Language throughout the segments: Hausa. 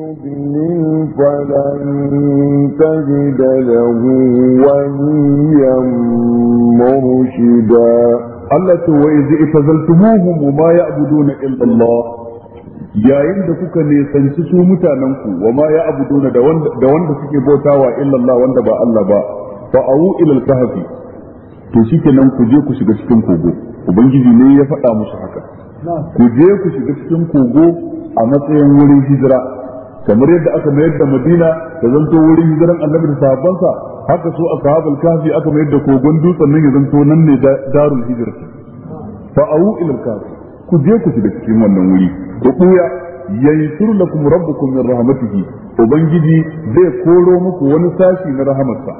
يضلل فلن تجد له وليا مرشدا Allah ce wa izi itazaltumuhum ma ya'buduna illa Allah yayin da kuka nisanci su mutanen ku wa ma ya abu wanda da wanda suke bauta wa illallah, wanda ba Allah ba fa au ilal al-kahf to nan ku je ku shiga cikin kogo ubangiji ne ya faɗa musu haka ku je ku shiga cikin kogo a matsayin wurin hijira kamar yadda aka mayar da madina da zanto wurin hijiran annabi da sahabbansa haka su ashabul kafi aka mayar da kogon dutsen nan ya zanto nan ne darul hijra fa au ila al ku je ku shiga cikin wannan wuri ku buya yansur lakum rabbukum min rahmatihi ubangiji zai koro muku wani sashi na rahamarsa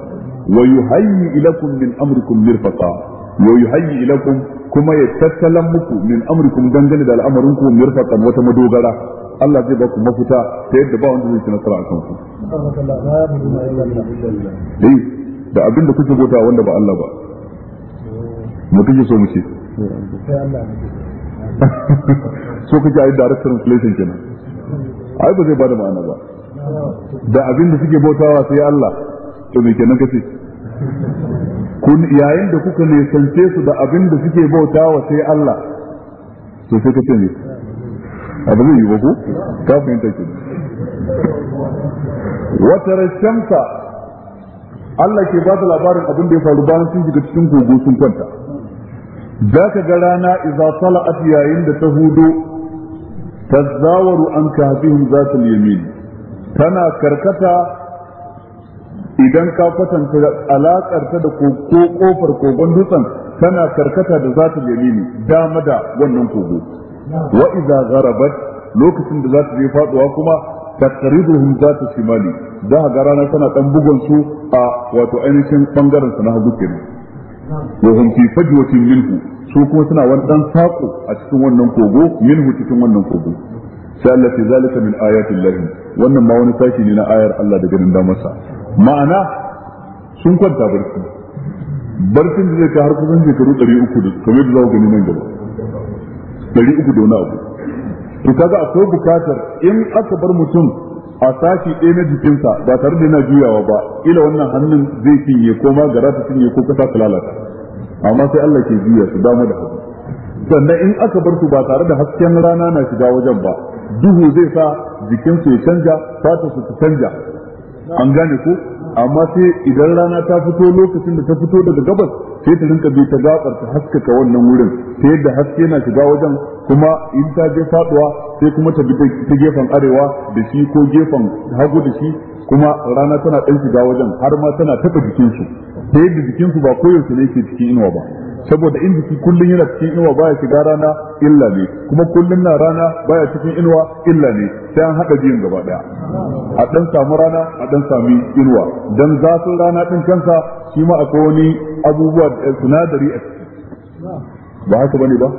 wa yuhayyi ilakum min amrikum mirfaqa wa yuhayyi ilakum kuma ya tattalan muku min amrikum dangane da al'amarin al'amarinku mirfaqan wata madogara Allah zai ba ku mafita ta yadda ba wanda zai ci nasara a kanku dai da abin da kuke bota wanda ba Allah ba mu kike so mu ce so kake ayi direct translation kenan ai ba zai bada ma'ana ba da abin da suke bautawa sai Allah to me kenan kace kun yayin da kuka ne su da abin da suke bautawa sai Allah to sai kace ne abu zai yi ba ka fahimta wata Allah ke ba da labarin abin da ya faru bayan sun shiga cikin kogo sun kwanta za ka ga rana idza tala'at yayin da ta hudo zawaru an ka za zatul yamin tana karkata idan ka kwatanta alakar ta da kofar kogon dutsen tana karkata da za zatul yamin dama da wannan kogo wa idza gharabat lokacin da za ta je faduwa kuma taqriduhum zatu shimali za ga rana tana dan bugun su a wato ainihin bangaren su na hagu kenan wa hum fi fajwatin minhu su kuma suna wani dan sako a cikin wannan kogo minhu cikin wannan kogo sai Allah ce zalika min ayatin lahi wannan ma wani sashi ne na ayar Allah da ganin damarsa ma'ana sun kwanta barci barcin da zai ka har kusan shekaru 300 kamar da za ku gani nan gaba dari uku da wani abu to kaga akwai bukatar in aka bar mutum a sashi ɗaya na jikinsa ba tare da yana juyawa ba ila wannan hannun zai cinye ko ma gara ta cinye ko kasa ta lalata amma sai Allah ke juya su dama da hagu sannan in aka bar su ba tare da hasken rana na shiga wajen ba duhu zai sa jikinsu ya canja fatarsu su canja an gane ko amma sai idan rana ta fito lokacin da ta fito daga gabas sai ta rinka bi ta gabar ta haskaka wannan wurin ta yadda haske na shiga wajen kuma in ta je faduwa sai kuma ta bi ta gefen arewa da shi ko gefen hagu da shi kuma rana tana ɗan shiga wajen har ma tana taɓa su da yadda su ba koyaushe ne ke cikin inuwa ba saboda in jiki kullum yana cikin inuwa baya shiga rana illa ne kuma kullum na rana baya cikin inuwa illa ne sai an haɗa biyun gaba ɗaya a ɗan samu rana a ɗan sami inuwa dan zafin rana ɗin kansa shi ma akwai wani abubuwa da eh, sinadari a ciki ba haka bane ba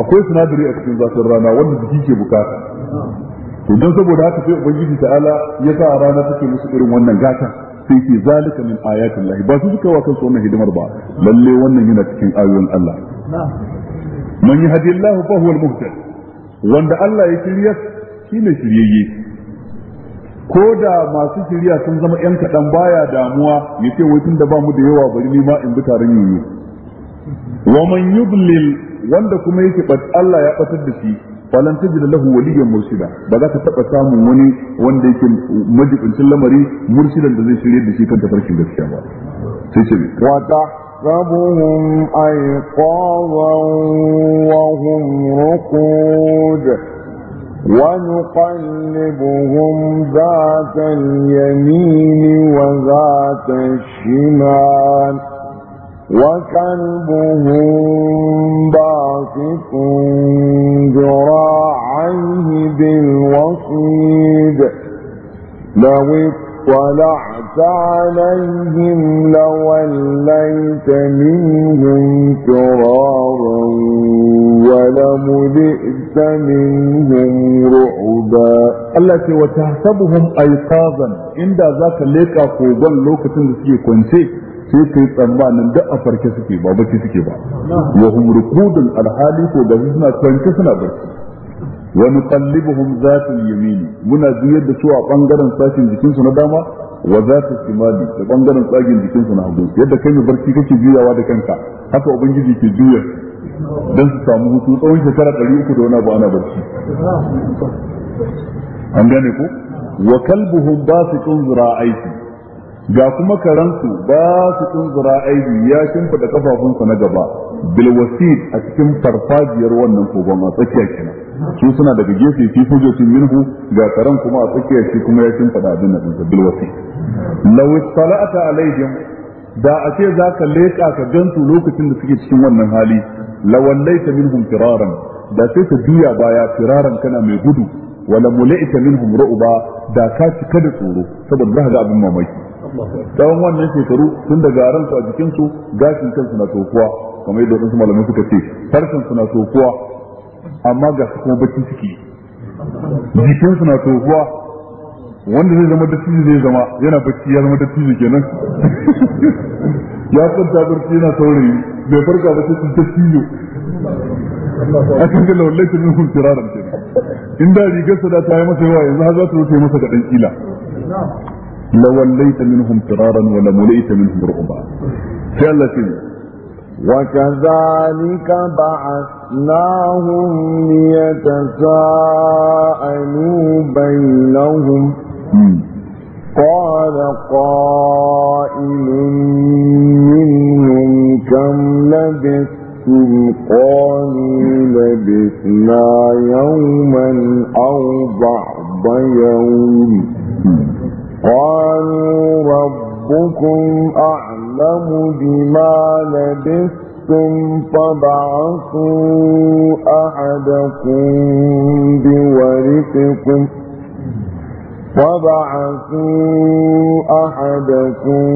akwai sinadari a cikin zafin rana wanda jiki ke bukata to saboda haka sai ubangiji ta'ala ya sa rana take musu irin wannan gata sai ke zalika min ayatin lahi ba su suka wa kansu wannan hidimar ba lalle wannan yana cikin ayoyin Allah man Allah fa huwa al-muhtad wanda Allah ya shirya shine shiryayye ko da masu shirya sun zama yan kaɗan baya damuwa ya ce wai tunda da ba mu da yawa bari ni ma in bi taron yi. wa man yudlil wanda kuma yake Allah ya batar da shi falan tajid lahu waliyan mursida ba za ka taba samun wani wanda yake majibincin lamari mursidan da zai shirye da shi kan tafarkin gaskiya ba sai ce wa تحسبهم أيقاظا وهم رقود ونقلبهم ذات اليمين وذات الشمال وكلبهم باسط ذراعيه بالوصيد لو اطلعت عليهم لوليت منهم ترارا ولملئت منهم رعبا التي وتحسبهم ايقاظا عند ذاك في ظل لوكة تنسي sai kai tsammanin duk a farke suke ba bacci suke ba wa hum ruqudul alhali ko da suna kwanci suna bacci wa nuqallibuhum zatul yamini muna juyar da su a bangaren sashin jikin su na dama wa zatul shimali da bangaren tsagin jikin su na hagu yadda kai mai barci kake juyawa da kanka haka ubangiji ke juya dan su samu hutu tsawon shekara 300 da wani abu ana barci an gane ko wa kalbuhum basiqun zira'aiti ga kuma karansu ba su tunzura aibi ya shimfida kafafunsa na gaba bilwasid a cikin farfajiyar wannan kogon a tsakiya kenan su suna daga gefe fi fujotin minhu ga karan kuma a tsakiya shi kuma ya shimfida abin da dinsa bilwasid law ittala'ata alaihim da a ce za ka leƙa ka gansu lokacin da suke cikin wannan hali lawallaita minhum firaran da sai ka juya baya firaran kana mai gudu wala mulaita minhum ru'ba da ka cika da tsoro saboda za ka ga abin mamaki tsawon wannan shekaru tun daga su a jikinsu gashin kansu na tokuwa kamar yadda wasu malamai suka ce harshen su na tokuwa amma ga su kuma baki suke jikinsu na tokuwa wanda zai zama dattijo zai zama yana bacci ya zama dattijo kenan ya kwanta barci yana saurayi bai farka ba sai dattijo a kan ga lawallai ta nufin tiraran kenan in da rigarsa da ta yi masa yawa yanzu har za su rufe masa kaɗan kila لوليت منهم فرارا ولملئت منهم رعبا ثالثا وكذلك بعثناهم ليتساءلوا بينهم قال قائل منهم كم لبثتم قالوا لبثنا يوما أو بعض يوم قالوا ربكم أعلم بما لبثتم فبعثوا أحدكم بورقكم وبعثوا أحدكم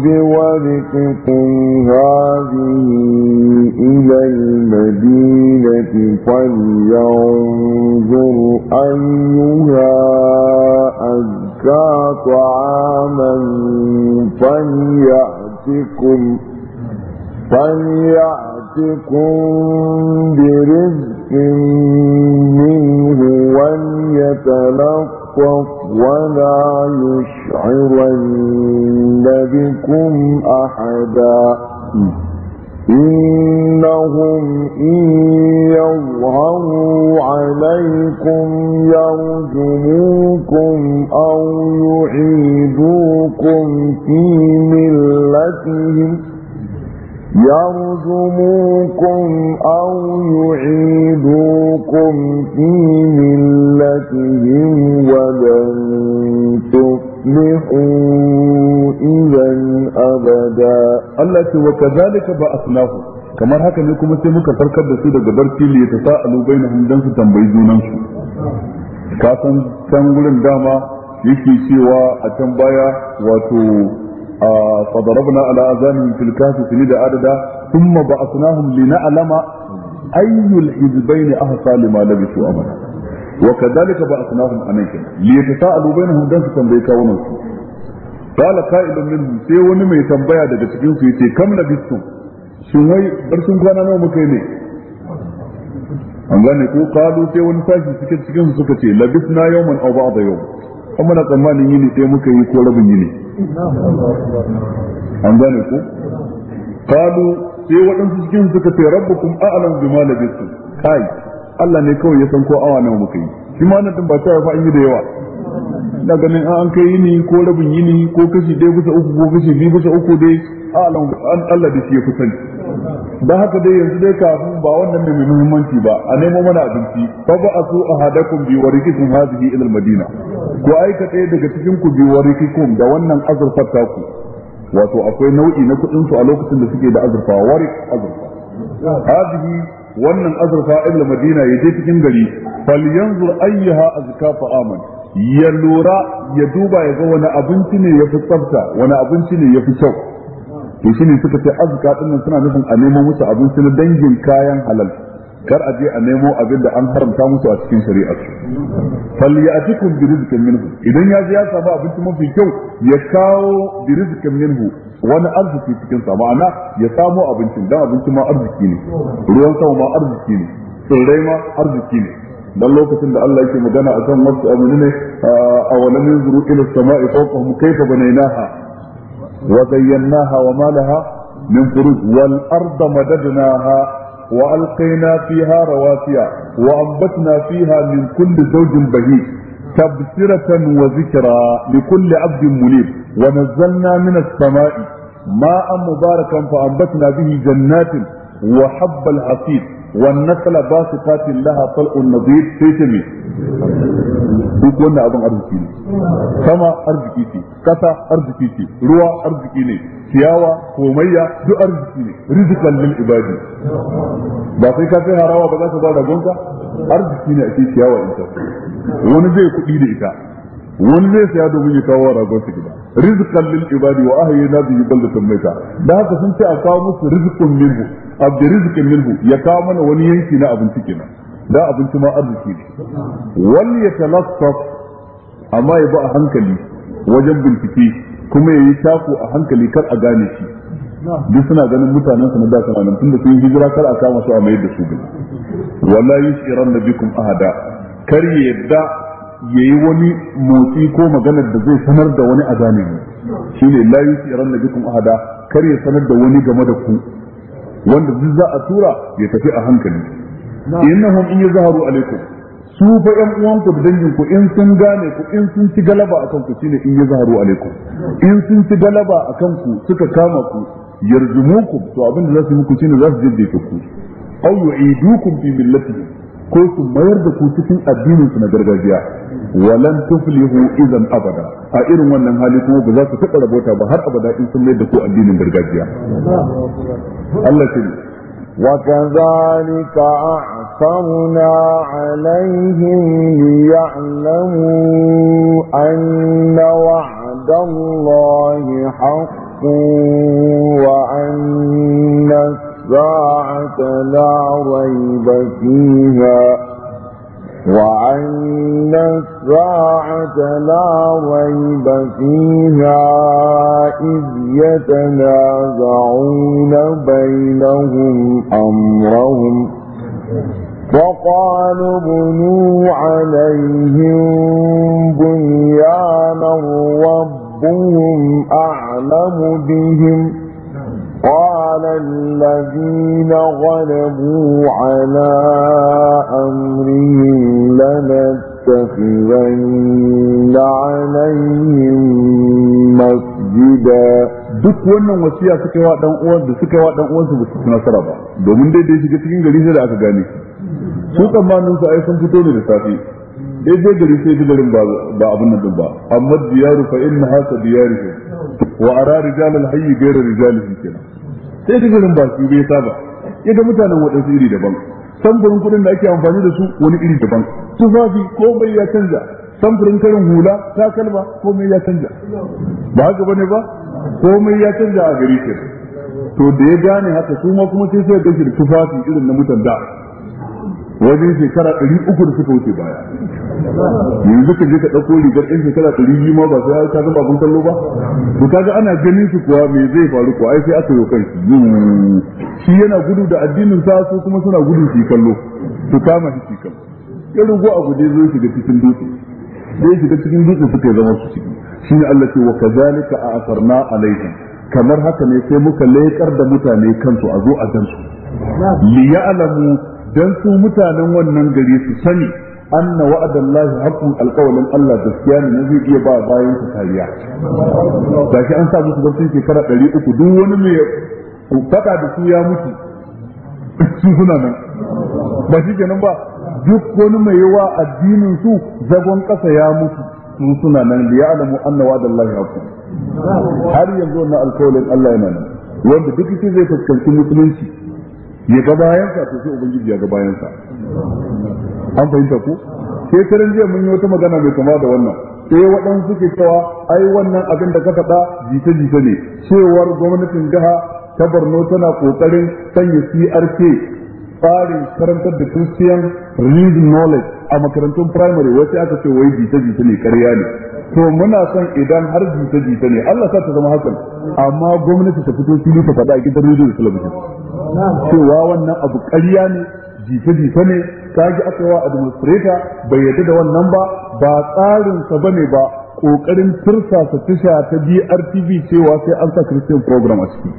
بورقكم هذه إلى المدينة فلينظر أيها أزكى طعاما فليأتكم فليأتكم برزق منه وليتلقى ولا يشعرن بكم أحدا إنهم إن يظهروا عليكم يرجموكم أو يعيدوكم في ملتهم يرجموكم أو يعيدوكم في ملتهم ولن تفلحوا إذا أبدا التي وكذلك بأصناه kamar haka ne kuma sai muka sarkar da su daga barci li ta sa'alu bainahum dan su tambayi junan su ka san can dama yake cewa a can baya wato فضربنا على آذانهم في الكهف سنين عددا ثم بعثناهم لنعلم أي الحزبين أحصى لما لبثوا أمدا وكذلك بعثناهم أماكن ليتساءلوا بينهم دنس تنبيك قال قائل منهم sai wani mai tambaya daga cikin su yace kam na bisu shin wai kwana nawa muka ne an gane ko kalu sai wani sashi suka ce kuma na tsammanin yini sai muka yi ko rabin yini an gane ku kalu sai waɗansu cikin suka ce rabbukum a'lam bima labistu kai Allah ne kawai ya san ko awa nawa muka yi shi ma na tun ba ta fa an yi da yawa da ganin an an kai yini ko rabin yini ko kashi dai bisa uku ko kashi biyu bisa uku dai a'lam Allah da shi ya fi sani da haka dai yanzu dai kafin ba wannan ne mai muhimmanci ba a nemo mana abinci fa ba asu ahadakum bi warikikum hadhihi ila almadina ko aika ɗaya daga cikin ku bi warikikum da wannan azurfar ku, wato akwai nau'i na kuɗin su a lokacin da suke da azurfa warik azurfa hadhihi wannan azurfa ila madina yaje cikin gari yanzur ayyaha azka fa aman ya lura ya duba ya ga wani abinci ne yafi tsafta wani abinci ne yafi kyau to shine suka ce azka din nan suna nufin a nemo musu abinci na dangin kayan halal kar a je a nemo abin da an haramta musu a cikin shari'a falyatikum bi rizqin minhu idan ya je ya samu abinci mafi kyau ya kawo bi rizqin minhu wani arziki cikin sa ma'ana ya samo abincin dan abincin ma arziki ne ruwan sama ma arziki ne tsirrai ma arziki ne dan lokacin da Allah yake magana akan wasu amini ne a walamin zuru ila sama'i fawqahum kayfa banaynaha وزيناها وما لها من فروج والأرض مددناها وألقينا فيها رواسي وأنبتنا فيها من كل زوج بهيج تبصرة وذكرى لكل عبد منيب ونزلنا من السماء ماء مباركا فأنبتنا به جنات وحب الحصيد والنخل باسقات لها طلق نضيد تيتمي duk wannan abin arziki ne sama arziki ce kasa arziki ce ruwa arziki ne ciyawa komayya duk arziki ne rizikan lil ibadi ba sai ka sai harawa ba za ka ba ragonka arziki ne ake ciyawa ita wani zai kuɗi da ita wani zai saya domin ya kawo ragon su gida Rizikan lil ibadi wa ahyayna bihi baldatan mayta da haka sun ce a kawo musu rizqun minhu abdi rizqin minhu ya kawo mana wani yanki na abinci kenan da abinci ma arziki ne ya yatalaffaf amma ya bi a hankali wajen bincike kuma ya yi taku a hankali kar a gane shi duk suna ganin mutanen su na da kana nan tunda sun hijira kar a kama su a mayar da su gani wala da nabikum ahada kar ya yadda yayi wani motsi ko maganar da zai sanar da wani a gane ne shine la yushiran nabikum ahada kar ya sanar da wani game da ku wanda duk za a tura ya tafi a hankali innahum in yazharu alaikum su fa uwan uwanku da danginku in sun gane ku in sun ci galaba akan ku shine in yazharu alaikum in sun ci galaba akan ku suka kama ku yarjumukum to abin da zasu su muku shine za su ku aw yu'idukum bi millatihim ko su mayar da ku cikin addinin su na gargajiya walan tuflihu idan abada a irin wannan hali kuma ba za su taɓa rabota ba har abada in sun mayar da ku addinin gargajiya Allah ya وكذلك أعثرنا عليهم ليعلموا أن وعد الله حق وأن الساعة لا ريب فيها وأن الساعة لا ريب فيها إذ يتنازعون بينهم أمرهم فقالوا بنوا عليهم بنيانا ربهم أعلم بهم الذين غلبوا على أمرهم لنتخذن عليهم مسجدا duk wannan wasiya suka yi wa dan uwan da suka yi wa dan uwansu ba su nasara ba domin dai dai shiga cikin gari sai da aka gane su tsammanin su ai sun fito ne da safe daidai gari sai garin ba abin nan ba amma diyaru fa innaha ka diyarihim wa ara rijal al hayy ghayra rijalihi kenan sai ta garin baki bai saba ya ga mutanen waɗansu iri daban samfurin kuɗin da ake amfani da su wani iri daban tufafi mai ya canza samfurin karin hula takalma mai ya canza ba haka bane ba ko mai ya canza a gari ke to da ya gane haka su ma kuma sai sai su tufafi irin na mutan da wajen shekara ɗari uku da suka wuce baya yanzu ka je ka ɗauko rigar ɗin shekara ɗari biyu ma ba sai ka zama abin kallo ba to kaga ana ganin su kuwa me zai faru kuwa ai sai aka yi kai shi yana gudu da addinin sa su kuma suna gudu su kallo su kama shi kallo ya rugo a guje zo shiga cikin dutse Zai shiga cikin dutse suka zama su ciki ne Allah ce wa kazalika a asarna alaihim kamar haka ne sai muka leƙar da mutane kansu a zo a gansu li ya'lamu dan su mutanen wannan gari su sani anna wa'adallahi haqqun alqawlan Allah gaskiya ne zai iya ba bayan su kariya shi an sa musu gwamnati shekara uku duk wani mai faɗa da su ya mutu su suna nan ba shi kenan ba duk wani mai yawa addinin su zagon ƙasa ya mutu su suna nan da ya alamu anna wa'adallahi haqqun har yanzu wannan alqawlan Allah yana nan wanda duk shi zai fuskanci musulunci ya ga bayansa to sai ubangiji ya ga bayansa an fahimta ko sai karin jiya mun yi wata magana mai kama da wannan sai eh, waɗansu suke cewa ai wannan abin da ka faɗa jita-jita ne cewar gwamnatin jiha ta barno tana kokarin sanya CRK tsarin karantar da Christian read knowledge a makarantun primary wai aka ce wai jita-jita ne karya ne to muna son idan har jita-jita ne Allah sa ta zama hakan amma gwamnati ta fito fili ta faɗa a gidan radio da talabijin cewa wannan abu ƙarya ne jita-jita ne kaji aka a administrator bai yadda da wannan ba ba tsarinsa bane ba kokarin tursasa tasha ta DRTV cewa sai an sa Christian program a ciki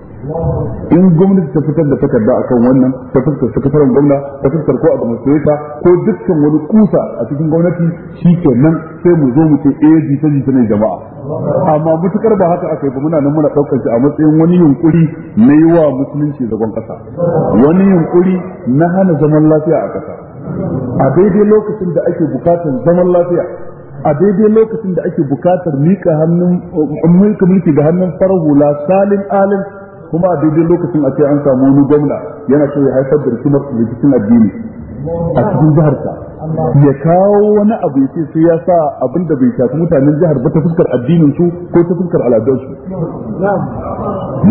in gwamnati ta fitar da takarda kan wannan ta fuskar sakataren gwamna ta fuskar ko a gwamnati ko dukkan wani kusa a cikin gwamnati shi ke nan sai mu zo mu ce eh ta jita ne jama'a amma mutukar ba haka aka yi ba muna nan muna ɗaukar shi a matsayin wani yunkuri na yi wa musulunci zagon ƙasa. wani yunkuri na hana zaman lafiya a ƙasa. a daidai lokacin da ake bukatar zaman lafiya a daidai lokacin da ake bukatar mika hannun mulki mulki ga hannun farar hula salin alim kuma a daidai lokacin a ce an samu wani gwamna yana so ya haifar da rikimar rikicin addini a cikin jihar sa ya kawo wani abu ya ce sai ya sa abin da bai shafi mutanen jihar ba ta fuskar addinin su ko ta fuskar al'adunsu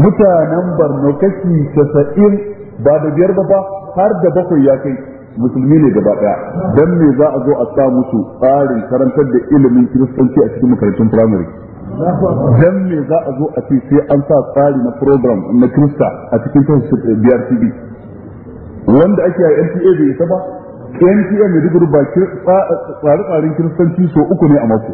mutanen barno kashi casa'in ba da biyar ba ba har da bakwai ya kai musulmi ne gaba daya dan me za a zo a sa musu tsarin karantar da ilimin kiristanci a cikin makarantun firamare dan me za a zo a ce sai an sa tsari na program na kirista a cikin BRTB wanda ake a NTA bai ita ba NTA mai digiri ba tsare-tsaren kiristanci so uku ne a mako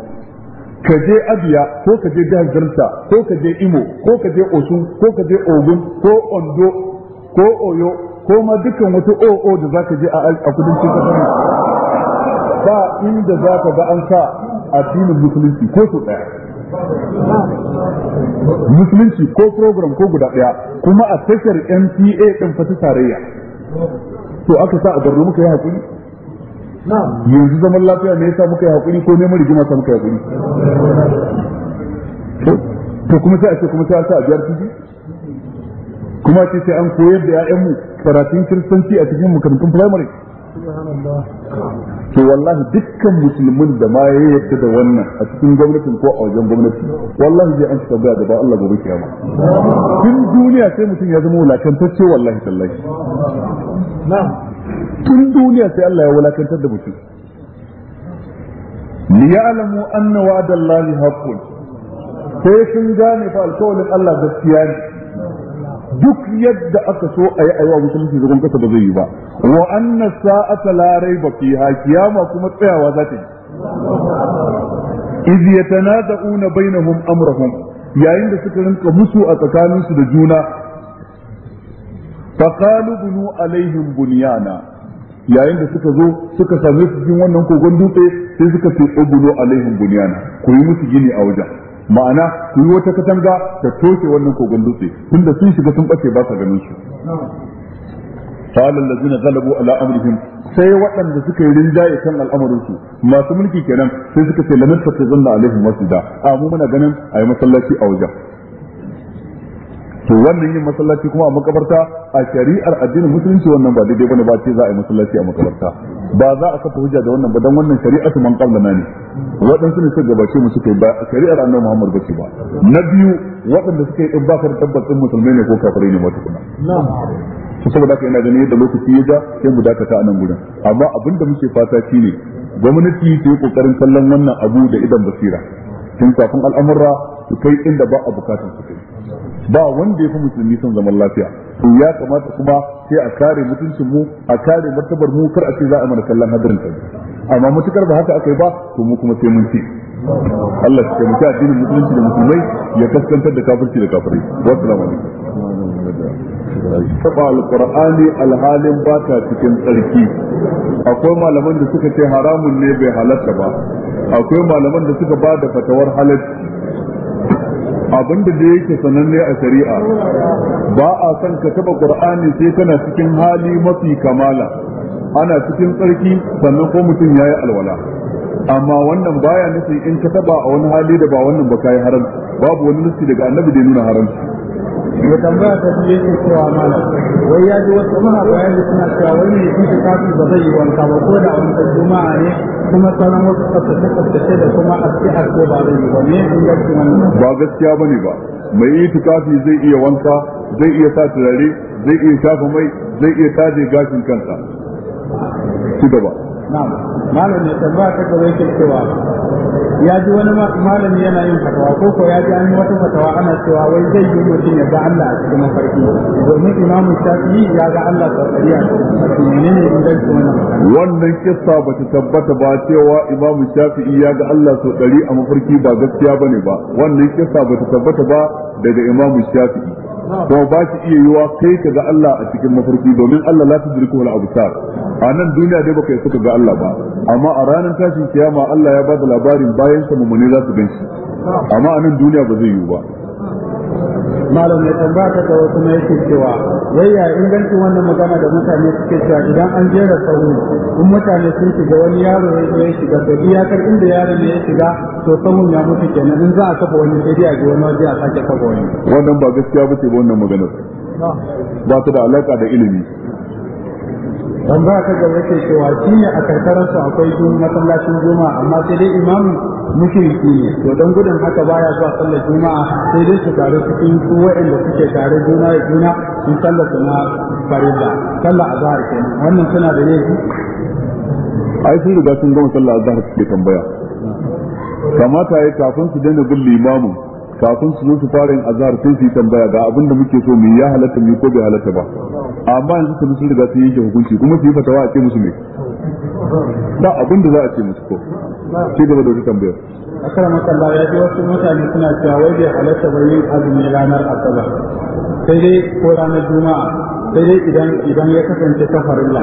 ka je abiya ko ka je jihar delta ko ka je imo ko ka je osun ko ka je ogun ko ondo ko oyo ko ma dukkan wata oo da za ka je a kudancin kasar ba inda ka ga an sa addinin musulunci ko su daya musulunci ko program ko guda daya kuma a tashar mpa din fata tarayya to aka sa a barno muka yi hakuri yanzu zaman lafiya ne yasa muka yi hakuri ko neman rigima sa muka yi hakuri to kuma sai a ce kuma sai a sa a biyar kuma ce sai an koyar da 'ya'yanmu karatun kiristanci a cikin makarantun firamare? Ke wallahi dukkan musulmin da ma ya yadda da wannan a cikin gwamnatin ko a wajen gwamnati wallahi zai an ci tambaya da ba Allah gobe kiyama tun duniya sai mutum ya zama wulakantacce wallahi tallahi na'am tun duniya sai Allah ya wulakantar da mutum liya'lamu anna wa'dallahi haqqun sai sun gane fa alƙawarin Allah gaskiya ne duk yadda aka so a yi aiwa musulunci zagon kasa ba zai yi ba wa anna sa'ata la raiba fiha kiyama kuma tsayawa za ta yi iz yatanada'una bainahum amrahum yayin da suka rinka musu a tsakaninsu da juna faqalu bunu alaihim bunyana yayin da suka zo suka same su cikin wannan kogon dutse sai suka ce a alaihim bunyana ku yi musu gini a wajen ma'ana ku yi wata katanga ta toshe wannan kogon dutse tunda sun shiga sun bace ba sa ganin su قال الذين غلبوا على sai waɗanda suka yi rinjaye kan su, masu mulki kenan sai suka ce lanar ta zanna alaihim masjida a mu muna ganin a yi masallaci a wajen to wannan yin masallaci kuma a makabarta a shari'ar addinin musulunci wannan ba daidai bane ba ce za a yi masallaci a makabarta ba za a saka hujja da wannan ba dan wannan shari'atu man na ne waɗansu ne suka gabace mu suka yi ba shari'ar annabi Muhammad ba ce ba na biyu waɗanda suka yi din ba kar tabbacin musulmai ne ko kafirai ne wata kuma to saboda haka ina ganin yadda lokaci ya ja sai mu dakata a nan gurin amma abin da muke fata shine gwamnati ta yi kokarin kallon wannan abu da idan basira tun kafin al'amura su kai inda ba a bukatun su kai ba wanda ya fi musulmi son zaman lafiya ya kamata kuma sai a kare mutuncin mu a kare martabar mu kar a ce za a mana kallon hadarin ta amma mutukar ba haka akai ba to mu kuma sai mun ce Allah ya mutu addinin musulunci da musulmai ya kaskantar da kafirci da kafirai wassalamu alaikum taba alqur'ani alhalin ba ta cikin tsarki akwai malaman da suka ce haramun ne bai halatta ba akwai malaman da suka ba da fatawar halatta abinda da yake sananne a shari'a ba a son ka taba qur'ani sai kana cikin hali mafi kamala ana cikin tsarki sannan ko mutum yayi alwala amma wannan baya nufin in ka taba a wani hali da ba wannan ba kai haram babu wani nufi daga annabi da ya nuna haramci ya tambaya ta fiye ke cewa mana wai ya ji wasu maha bayani suna cewa wai mai kishi kafi ba zai yi wanka ba ko da wanka juma'a ne kuma sauran wasu tsaftace tsaftace da kuma asi'ar ko ba zai yi ba ne in ba gaskiya bane ba mai yi tukafi zai iya wanka zai iya sa turare zai iya shafa mai zai iya taje gashin kansa ci gaba malami tambaya ta gaba yake cewa ya ji wani malami yana yin fatawa ko ko ya ji an yi wata fatawa ana cewa wai zai yi mutum ya ga Allah a cikin mafarki domin Imam shafi ya ga Allah a tsakariya ne inganci wannan wannan kissa ba ta tabbata ba cewa Imam Shafi'i ya ga Allah sau ɗari a mafarki ba gaskiya ba ne ba wannan kissa ba ta tabbata ba daga Imam Shafi'i to ba shi iya yiwa kai ka ga Allah a cikin mafarki domin Allah la tudriku al absar a nan duniya dai baka suka ga Allah ba amma a ranar tashin kiyama Allah ya ba da labarin bayan sa mumune za su ganshi amma a nan duniya ba zai yiwu ba malam ya tambaya ta kawo kuma yake cewa yayya ingancin wannan magana da mutane suke cewa idan an jera sahu in mutane sun shiga wani yaro ya shiga to iyakar inda yaron ya shiga to sahun ya mutu kenan in za a kafa wani sai a ji wani waje a sake kafa wani wannan ba gaskiya ba ce wannan maganar ba ta da alaka da ilimi dan ba ka ga yake cewa shi ne a karkarar su akwai dun masallacin juma'a amma sai dai imamu mushriki ne to dan gudun haka baya zuwa sallar juma'a sai dai su tare cikin su waɗanda suke tare juna da juna in sallar su na farilla sallar azhar kenan wannan suna da laifi ai sun riga sun gama sallar azhar suke tambaya kamata ya yi kafin su daina bin limamin kafin su zo su fara yin azhar sai su yi tambaya ga abin da muke so mu ya halatta mu ko bai halatta ba amma yanzu su sun riga su yi hukunci kuma su yi fatawa a ce musu me ba abin da za a ce musu ko ce gaba da wata tambayar akrama kallah ya ji wasu mutane suna cewa wai bai halatta ba yin azumi ranar asabar sai dai ko ranar juma'a sai dai idan idan ya kasance ta farilla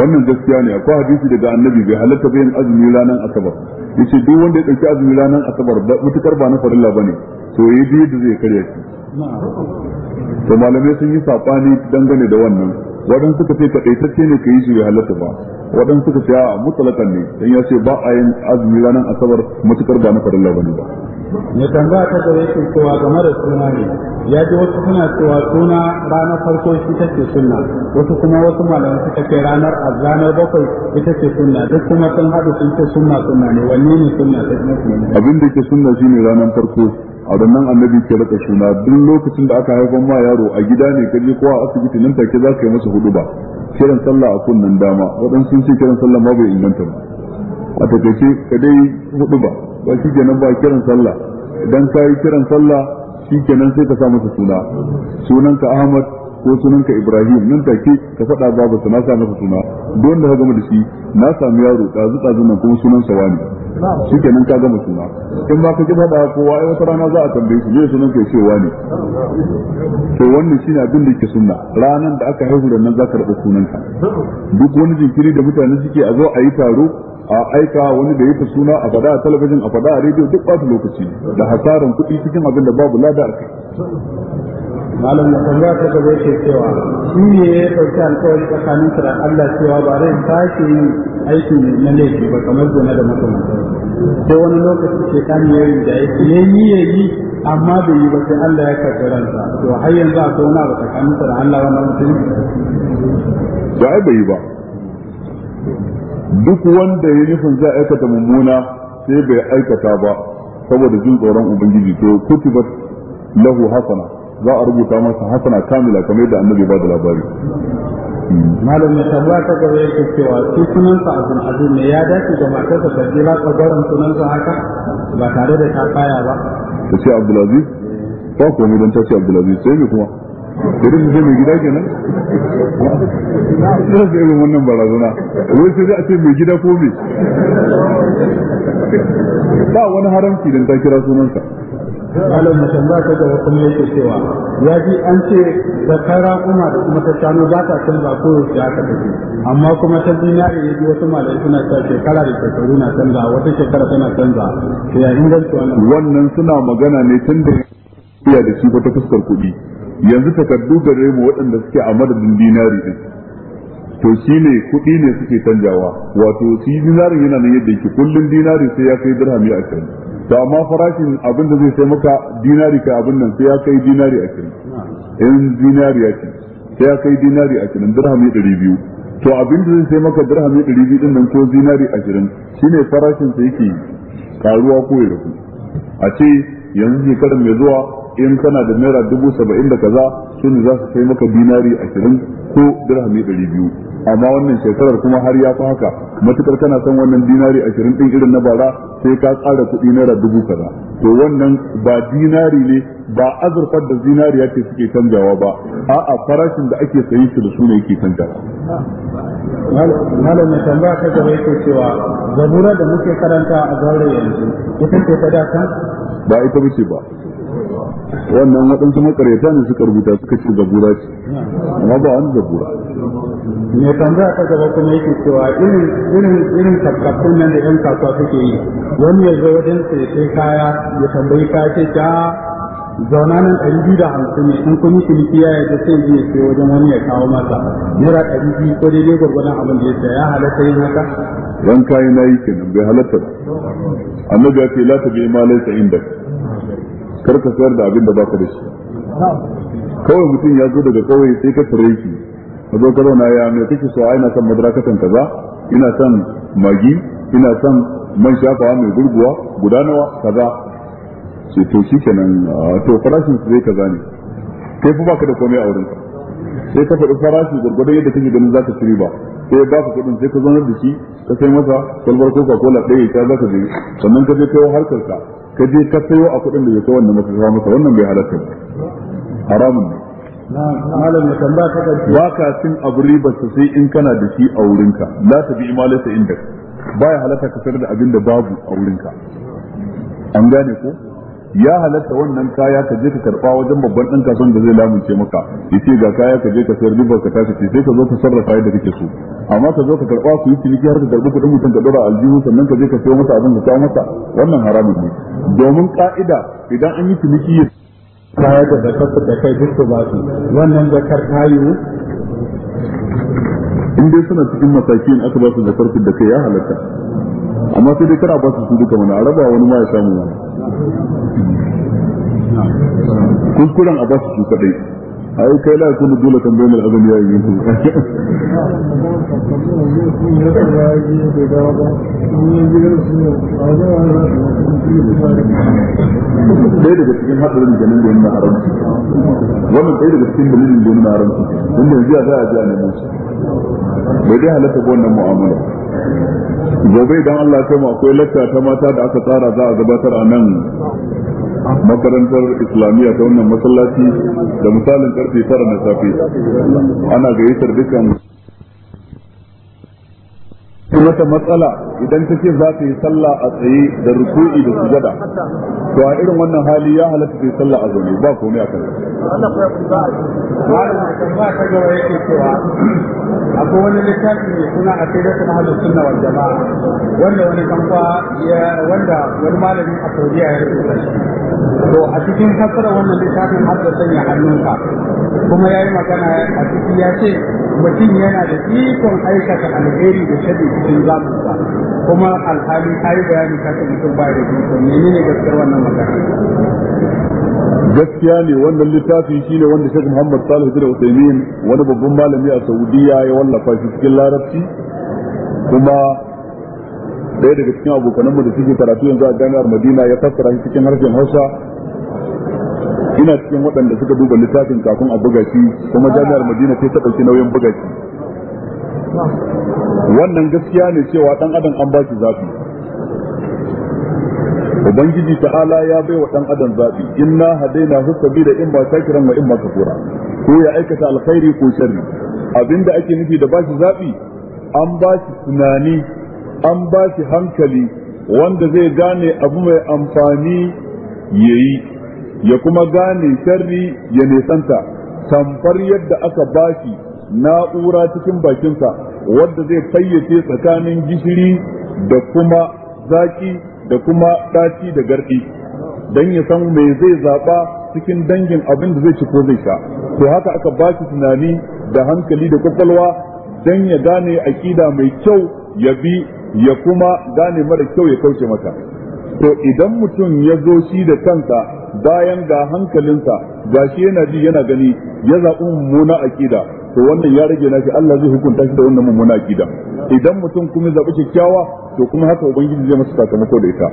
wannan gaskiya ne akwai hadisi daga annabi bai halatta bayan azumi ranar asabar yace duk wanda ya dauki azumi ranar asabar mutukar ba na farilla bane to yi biyu da zai karya shi to malamai sun yi saɓani dangane da wannan wadan suka ce takaitacce ne ka yi shi ya halatta ba wadan suka ce a mutalakan ne dan ya ce ba a yin azumi ranar asabar matukar ba na farilla bane ba ne tanga ta gare yake cewa game da suna ne ya ji wasu suna cewa suna ranar farko shi take sunna wasu kuma wasu malamai suka ce ranar ranar bakwai ita ce sunna duk kuma sun haɗu sun ce sunna sunna ne wanne ne sunna ta abin da ke sunna shine ranar farko a nan annabi ke raka suna duk lokacin da aka haifan ma yaro a gida ne kaje ko a asibiti nan take za ka yi masa hudu ba kiran sallah a kunnan dama waɗansu sun ce kiran sallah ma bai inganta ba a takaice ka dai hudu ba ba shi kenan ba kiran sallah idan ka yi kiran sallah shi kenan sai ka sa masa suna sunanka Ahmad ko sunanka Ibrahim nan take ka fada babu sa na sa suna don da ka gama da shi na sami yaro ɗazu ɗazu nan kuma sunan sa wani shikenan ka gama suna in ba ka ji faɗa kowa ai wata rana za a tambaye shi ne sunan ka ce wani to wannan shine abin da yake sunna ranan da aka haihu da nan za ka rabu sunanka duk wani jinkiri da mutane suke a zo a yi taro a aika wani da yake suna a fada a talabijin a fada a rediyo duk bata lokaci da hasaran kuɗi cikin abin da babu lada a malam da tambaya ta gaba yake cewa shi ne ya ɗauki alkawari tsakanin da Allah cewa ba zai sake yin aiki na laifi ba kamar gona da makamantar sai wani lokaci shekani ya yi da yake ya yi ya yi amma bai yi ba sai Allah ya karɓi ransa to har yanzu a zauna ba tsakanin da Allah wannan mutum da ai bai yi ba duk wanda ya nufin za aikata mummuna sai bai aikata ba saboda jin tsoron ubangiji to kutibat lahu hasana za a rubuta masa hasana kamila kamar yadda annabi ba da labari malam mai tambaya ta gaba yake cewa su sunansa abdul aziz ne ya dace da matarsa ta kira tsagaran sunansa haka ba tare da ta kaya ba ta ce Abdulaziz aziz ba ko mu dan ta ce Abdulaziz sai ne kuma irin mutum mai gida kenan ba su irin wannan barazana wai sai za a ce mai gida ko me ba wani haramci don ta kira sunansa malam ba ta gaba kuma yake cewa ya ji an ce kara kuma da kuma ta shanu ba ta canza ko yaushe haka tafi. amma kuma ta zinare ya ji wasu malamai suna ta shekara da shekaru na canza wata shekara tana canza to ya inganta wannan wannan suna magana ne tun da iya da shi ta fuskar kuɗi yanzu takardu da remu waɗanda suke a madadin dinari din to shi ne kuɗi ne suke canjawa wato shi dinarin yana nan yadda yake kullum dinari sai ya kai dirhami a canza to amma farashin abin da zai sai maka dinari kai abin nan sai ya kai dinari a cikin in dinari ya ce sai ya kai dinari a dirham dirhami ɗari biyu to abin da zai sai maka dirhami ɗari biyu din nan ko dinari ashirin shine farashin sa yake karuwa ko ya rufu a ce yanzu karin mai zuwa in kana da naira dubu saba'in da kaza shine za su sai maka dinari ashirin ko dirhami ɗari biyu amma wannan shekarar kuma har ya fi haka matukar kana son wannan dinari ashirin din irin na bara sai ka tsara kuɗi naira dubu kaza to wannan ba dinari ne ba azurfar da ya ce suke canjawa ba a'a farashin da ake sayi su da su ne yake canjawa malam na tambaya ta gaba yake cewa zabura da muke karanta a zaure yanzu ita ce ta dakan ba ita bace ba wannan waɗansu makaryata ne suka rubuta suka ce zabura ce amma ba wani zabura mai tambaya ta gaba kuma yake cewa irin irin irin tabbakun nan da yan kasuwa suke yi wani ya zo wajen sai kaya ya tambayi kaya ce ta ah, zauna nan ɗari biyu da hamsin ne in kuma shi ciniki ya yadda sai zai sai wajen wani ya kawo masa naira ɗari biyu ko daidai gwargwadon abin da ya saya ya halatta yin haka Wani kayan na yi kenan bai halatta ba annabi ya ce la ta bi ma laysa inda kar ka sayar da abin da baka da shi kawai mutum ya zo daga kawai sai ka tare shi a zo karo na ya mai kake so ina son madrakatan kaza ina son magi ina son man shafawa mai gurguwa guda nawa kaza ce to shikenan ah, to farashin su zai kaza ne kai fa baka da komai a wurinka sai ka faɗi farashi gurgurdan yadda kake ganin zaka ci riba sai ba ka kuɗin sai ka zonar da shi ka sai masa kwalbar koka cola ɗaya ta za ka je sannan ka je kawo harkarka ka ka je ka sayo a kuɗin da ya kawo wannan mafi masa wannan bai halatta haramun ne malam ya tambaya ka kace ba ka cin abu riba sai in kana da shi a wurinka la ta bi imalata inda baya halatta ka sayar da abin da babu a wurinka an gane ko ya halatta wannan kaya ka je ka karba wajen babban ɗan kasuwan da zai lamunce maka yace ga kaya ka je ka sayar riba ka tashi sai ka zo ka sarrafa yadda kake so amma ka zo ka karba ku yi ciniki har ka karbi kuɗin mutum ka dora aljihu sannan ka je ka sayo masa abin da ka kawo masa wannan haramun ne domin ka'ida idan an yi ciniki baya da zakarku da kai duk ba su wannan zakar ta yiwu in dai suna cikin in aka ba su zakarku da kai ya halatta amma sai dai kara ba su su duka mana a raba wani ma ya samu wani kuskuren a ba su su kadai ai kai la kullu dole kan bayan daga a bai halatta ga wannan mu'amala gobe idan Allah ya kai mu akwai latta ta mata da aka tsara za a gabatar a nan makarantar islamiyya ta wannan masallaci da misalin karfe tara na safe ana gayyatar dukkan mata matsala idan ta ce za ta yi sallah a tsaye da ruku'i da sujada to a irin wannan hali ya halatta ta yi sallah a zaune ba komai a kansa akwai wani littafi mai suna a kai dakan halin sunna wal jama'a wanda wani kamfa wanda wani malamin a saudiya ya rubuta shi to a cikin hasara wannan littafin har da sanya hannunka kuma ya yi magana a ciki ya ce mutum yana da ikon aikata alheri da shari cikin zaɓuɓɓa kuma alhali ta yi bayani kasa mutum ba da ikon ne gaskiyar wannan magana gaskiya ne wannan littafi shine wanda Sheikh Muhammad Salih bin Uthaymeen wani babban malami a Saudiya ya wallafa shi cikin Larabci kuma ɗaya daga cikin abokananmu da suke karatu yanzu a jami'ar Madina ya fassara shi cikin harshen Hausa ina cikin waɗanda suka duba littafin kafin a buga shi kuma jami'ar madina sai ta ɗauki nauyin buga shi wannan gaskiya ne cewa ɗan adam an ba shi zafi ubangiji ta'ala ya bai wa ɗan adam zafi inna hadaina hu sabila in ba shakiran wa in ba kafura ko ya aikata alkhairi ko sharri abinda ake nufi da bashi zaɓi an ba shi tunani an ba shi hankali wanda zai gane abu mai amfani yayi ya kuma gane sharri ya nesanta tamfar yadda aka bashi na'ura cikin bakinsa wadda zai fayyace tsakanin gishiri da kuma zaki da kuma ɗaci da garɗi Dan ya san me zai zaɓa cikin dangin abin da zai ci ko zai sha to haka aka bashi tunani da hankali da kwakwalwa dan ya gane aƙida mai kyau ya bi ya kuma gane mara kyau ya kauce mata to idan mutum ya zo shi da kansa bayan ga hankalinsa ga shi yana ji yana gani ya zaɓi mummuna akida to wannan ya rage na shi Allah zai hukunta shi da wannan mummuna aƙida idan mutum kuma zaɓi kyakkyawa to kuma haka ubangiji zai masa sakamako da ita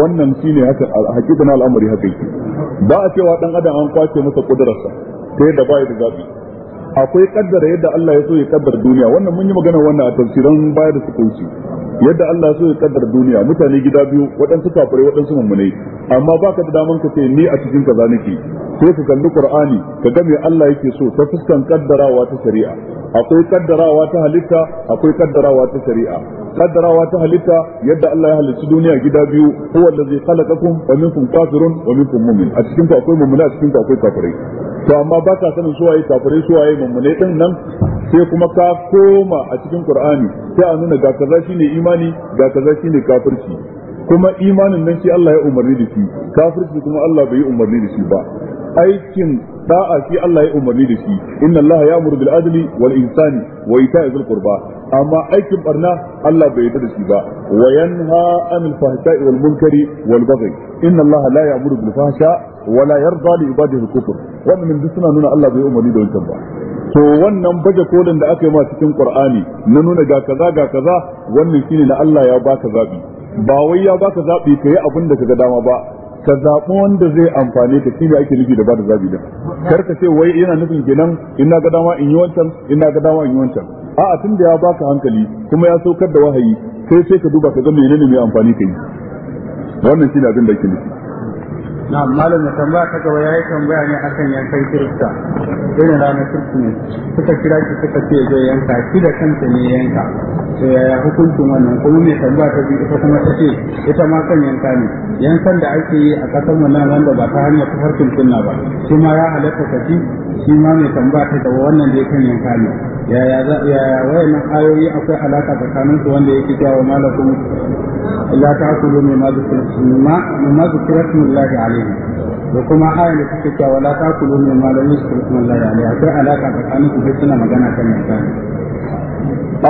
wannan shine haka na al'amari haka yake ba a cewa dan adam an kwace masa ƙudurarsa. ta yadda ba ya da zaɓi akwai kaddara yadda Allah ya so ya kaddara duniya wannan mun yi magana wannan a tafsiran baya da su yadda Allah so ya kaddara duniya mutane gida biyu waɗansu kafirai waɗansu mummunai amma baka da daman ka ce ni a cikin kaza nake sai ka kalli Qur'ani ka ga me Allah yake so ta fuskan kaddarawa ta shari'a akwai kaddarawa ta halitta akwai kaddarawa ta shari'a kaddarawa ta halitta yadda Allah ya halicci duniya gida biyu huwa allazi khalaqakum wa minkum kafirun wa minkum mu'min a cikin ku akwai mummuna a cikin ku akwai kafirai to amma ba ka sanin suwaye kafirai suwaye mummune din nan sai kuma ka koma a cikin qur'ani sai a nuna ga kaza shine imani ga kaza shine kafirci kuma imanin nan shi Allah ya umarni da shi kafirci kuma Allah bai yi umarni da shi ba aikin da'a shi Allah ya umarni da shi inna Allah ya'muru bil adli wal ihsani wa ita'i dhil qurba amma aikin barna Allah bai yarda da shi ba wa yanha anil fahsha'i wal munkari wal baghi inna Allah la ya'muru bil fahsha'i wala yarda li ibadihi kufur wannan duk suna nuna Allah bai umarni da wancan ba to wannan baje kolin da aka yi ma cikin Qur'ani na nuna ga kaza ga kaza wannan shine na Allah ya baka zabi ba wai ya baka zabi kai abin da kaga dama ba ka zaɓi wanda zai amfane ka shine ake nufi da ba da zabi din kar ka ce wai yana nufin kenan in na ga dama in yi wancan in na ga dama in yi wancan a'a tun da ya baka hankali kuma ya saukar da wahayi sai sai ka duba ka ga menene mai amfani ka yi wannan shine abin da ake nufi na malam da tambaya ta gaba yayi tambaya ne akan kai kirista irin ranar ne suka kira shi suka ce zai yanka shi da kanta ne yanka to yaya hukuncin wannan kuma mai tambaya ta biyu ita kuma ta ce ita ma kan yanka ne yankan da ake yi a ƙasar wannan wanda ba ta hanyar farkin sunna ba shi ma ya halatta ka ci shi ma mai tambaya ta gaba wannan da ya kan yanka ne yaya za yaya na ayoyi akwai alaka tsakanin su wanda yake cewa malakum la ta'kulu mimma zikra mimma zikra smullahi alayhi da kuma ayan da take cewa la ta'kulu mimma lam yuzkar smullahi alayhi akwai alaka tsakanin su sai suna magana kan yanka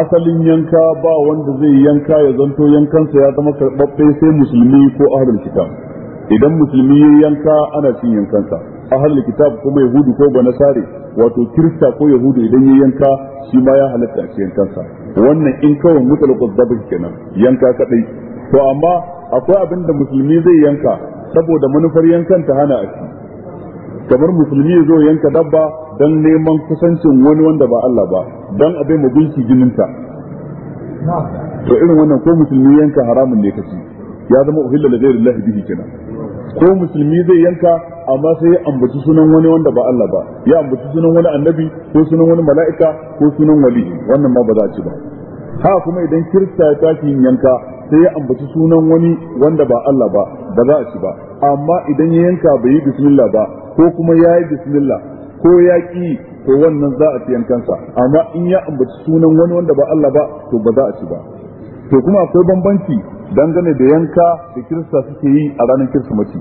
asalin yanka ba wanda zai yanka ya zanto yankansa ya zama karɓaɓɓe sai musulmi ko ahlul kitab idan musulmi ya yanka ana cin yankansa ahlul kitab kuma yahudu ko banasare wato kirista ko yahudu idan ya yanka shi ma ya halatta a cikin kansa wannan in kawai mutlaqu dhabh kenan yanka kadai to amma akwai abin da musulmi zai yanka saboda manufar yankan ta hana a ci kamar musulmi ya zo yanka dabba dan neman kusancin wani wanda ba Allah ba dan abai mu binci jininta to irin wannan ko musulmi yanka haramun ne kaci ya zama uhilla da ghairillahi bihi kenan ko musulmi zai yanka amma sai ya ambaci sunan wani wanda ba Allah ba ya ambaci sunan wani annabi ko sunan wani mala'ika ko sunan wali wannan ma ba za a ci ba ha kuma idan kirista ya tashi yin yanka sai ya ambaci sunan wani wanda ba Allah ba ba za a ci ba amma idan ya yanka bai yi bismillah ba ko kuma ya yi bismillah ko ya ki to wannan za a ci yankansa amma in ya ambaci sunan wani wanda ba Allah ba to ba za a ci ba to kuma akwai bambanci dangane da yanka da kirista suke yi a ranar kirsimati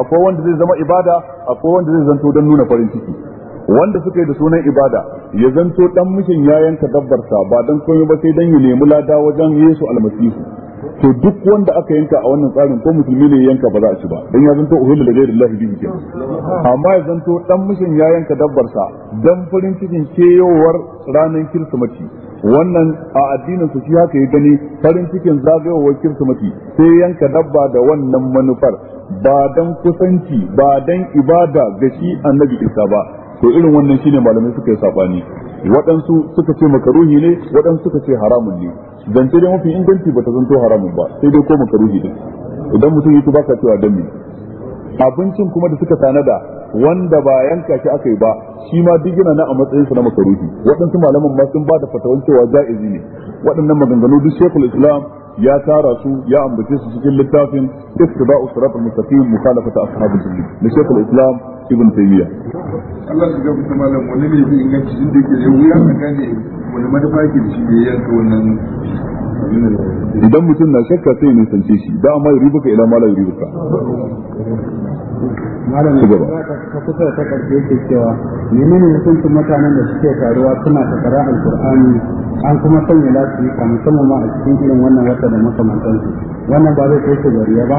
akwai wanda zai zama ibada akwai wanda zai zanto don nuna farin ciki wanda suka yi da sunan ibada ya zanto dan mishin ya yanka dabbarsa ba dan komai ba sai dan ya nemi lada wajen Yesu almasihu to duk wanda aka yanka a wannan tsarin ko musulmi ne yanka ba za a ci ba dan ya zanto uhillu lillahi lillahi bihi kenan amma ya zanto dan mishin ya yanka dabbarsa dan farin cikin keyowar ranar kirsimati wannan a addinin su shi haka ya gani farin cikin zagayowar kirsimati sai yanka dabba da wannan manufar ba dan kusanci ba dan ibada ga shi annabi isa ba to irin wannan shine malamai suka yi sabani waɗansu suka ce makaruhi ne waɗansu suka ce haramun ne zance dai mafi inganci ba ta zanto haramun ba sai dai ko makaruhi ne idan mutum yi ka cewa dan abincin kuma da suka tanada wanda ba yanka shi aka yi ba shi ma duk yana nan a matsayin sa na makaruhi waɗansu malaman ma sun ba da fatawan cewa za'izi ne waɗannan maganganu duk shekul islam ya tara su ya ambace su cikin littafin ittiba'u sirat al-mustaqim mukhalafata ashabul jahil da shekul islam ibn taymiya Allah ya gafarta malam wani ne zai inganci inda yake da wuya ka gane wani manufa ke da shi ya yanka wannan idan mutum na shakka sai ya nisance shi da amma yuri baka idan mala yuri baka malam ne ka kusa ta karshe yake cewa menene hukuncin mutanen da suke taruwa suna takara alqur'ani an kuma sanya lafiya ka musamman ma a cikin irin wannan wata da makamantansu wannan ba zai kai su gariya ba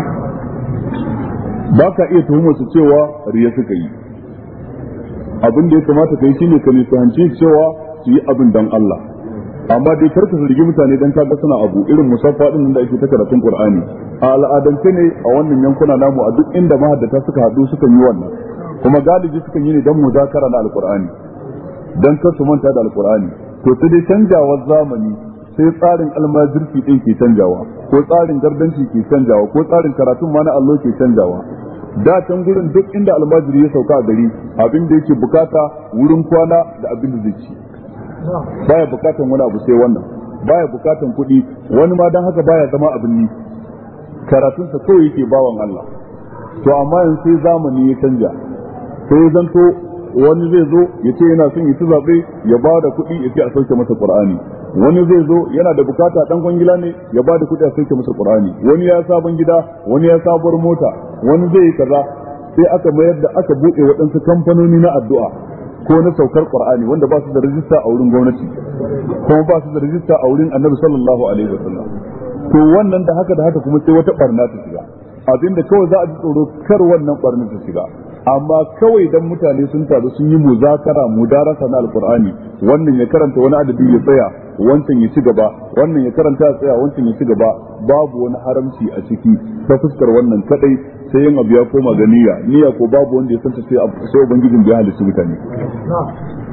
ba ka iya tuhumar su cewa riya suka yi abin da ya kamata kai shine ka nisanci cewa su yi abin dan Allah amma dai karka zargi mutane dan kaga suna abu irin musaffa din da ake ta karatun Qur'ani a al'adance ne a wannan yankuna namu a duk inda mahaddata suka hadu suka yi wannan kuma galibi sukan yi ne dan muzakara na alqur'ani dan kasu manta da alqur'ani to sai dai canjawar zamani sai tsarin almajirki din ke canjawa ko tsarin gardanci ke canjawa ko tsarin karatun ma na allo ke canjawa da can gurin duk inda almajiri ya sauka a gari abin da yake bukata wurin kwana da abin da zai ci baya bukatan wani abu sai wannan baya bukatan kuɗi wani ma dan haka baya zama abin ni karatunsa kawai yake bawan Allah to amma yanzu sai zamani ya canja sai ya zanto wani zai zo ya ce yana son ya ci zaɓe ya ba da kuɗi ya ce a sauke masa ƙur'ani wani zai zo yana da bukata ɗan kwangila ne ya ba da kuɗi a sauke masa ƙur'ani wani ya sabon gida wani ya sabuwar mota wani zai yi kaza sai aka mayar da aka buɗe waɗansu kamfanoni na addu'a ko na saukar qur'ani wanda ba su da rijista a wurin gwamnati ko ba su da rijista a wurin annabi sallallahu alaihi wasallam to wannan da haka da haka kuma sai wata barna ta shiga abinda kawai za a ji tsoro kar wannan barna ta shiga amma kawai dan mutane sun taru sun yi muzakara mudarasa na alqur'ani wannan ya karanta wani adadi ya tsaya wancan ya ci gaba wannan ya karanta ya tsaya wancan ya ci gaba babu wani haramci a ciki ta fuskar wannan kadai sai yin abu ya koma ga niyya niyya ko babu wanda ya santa sai sai ubangijin da ya halitta mutane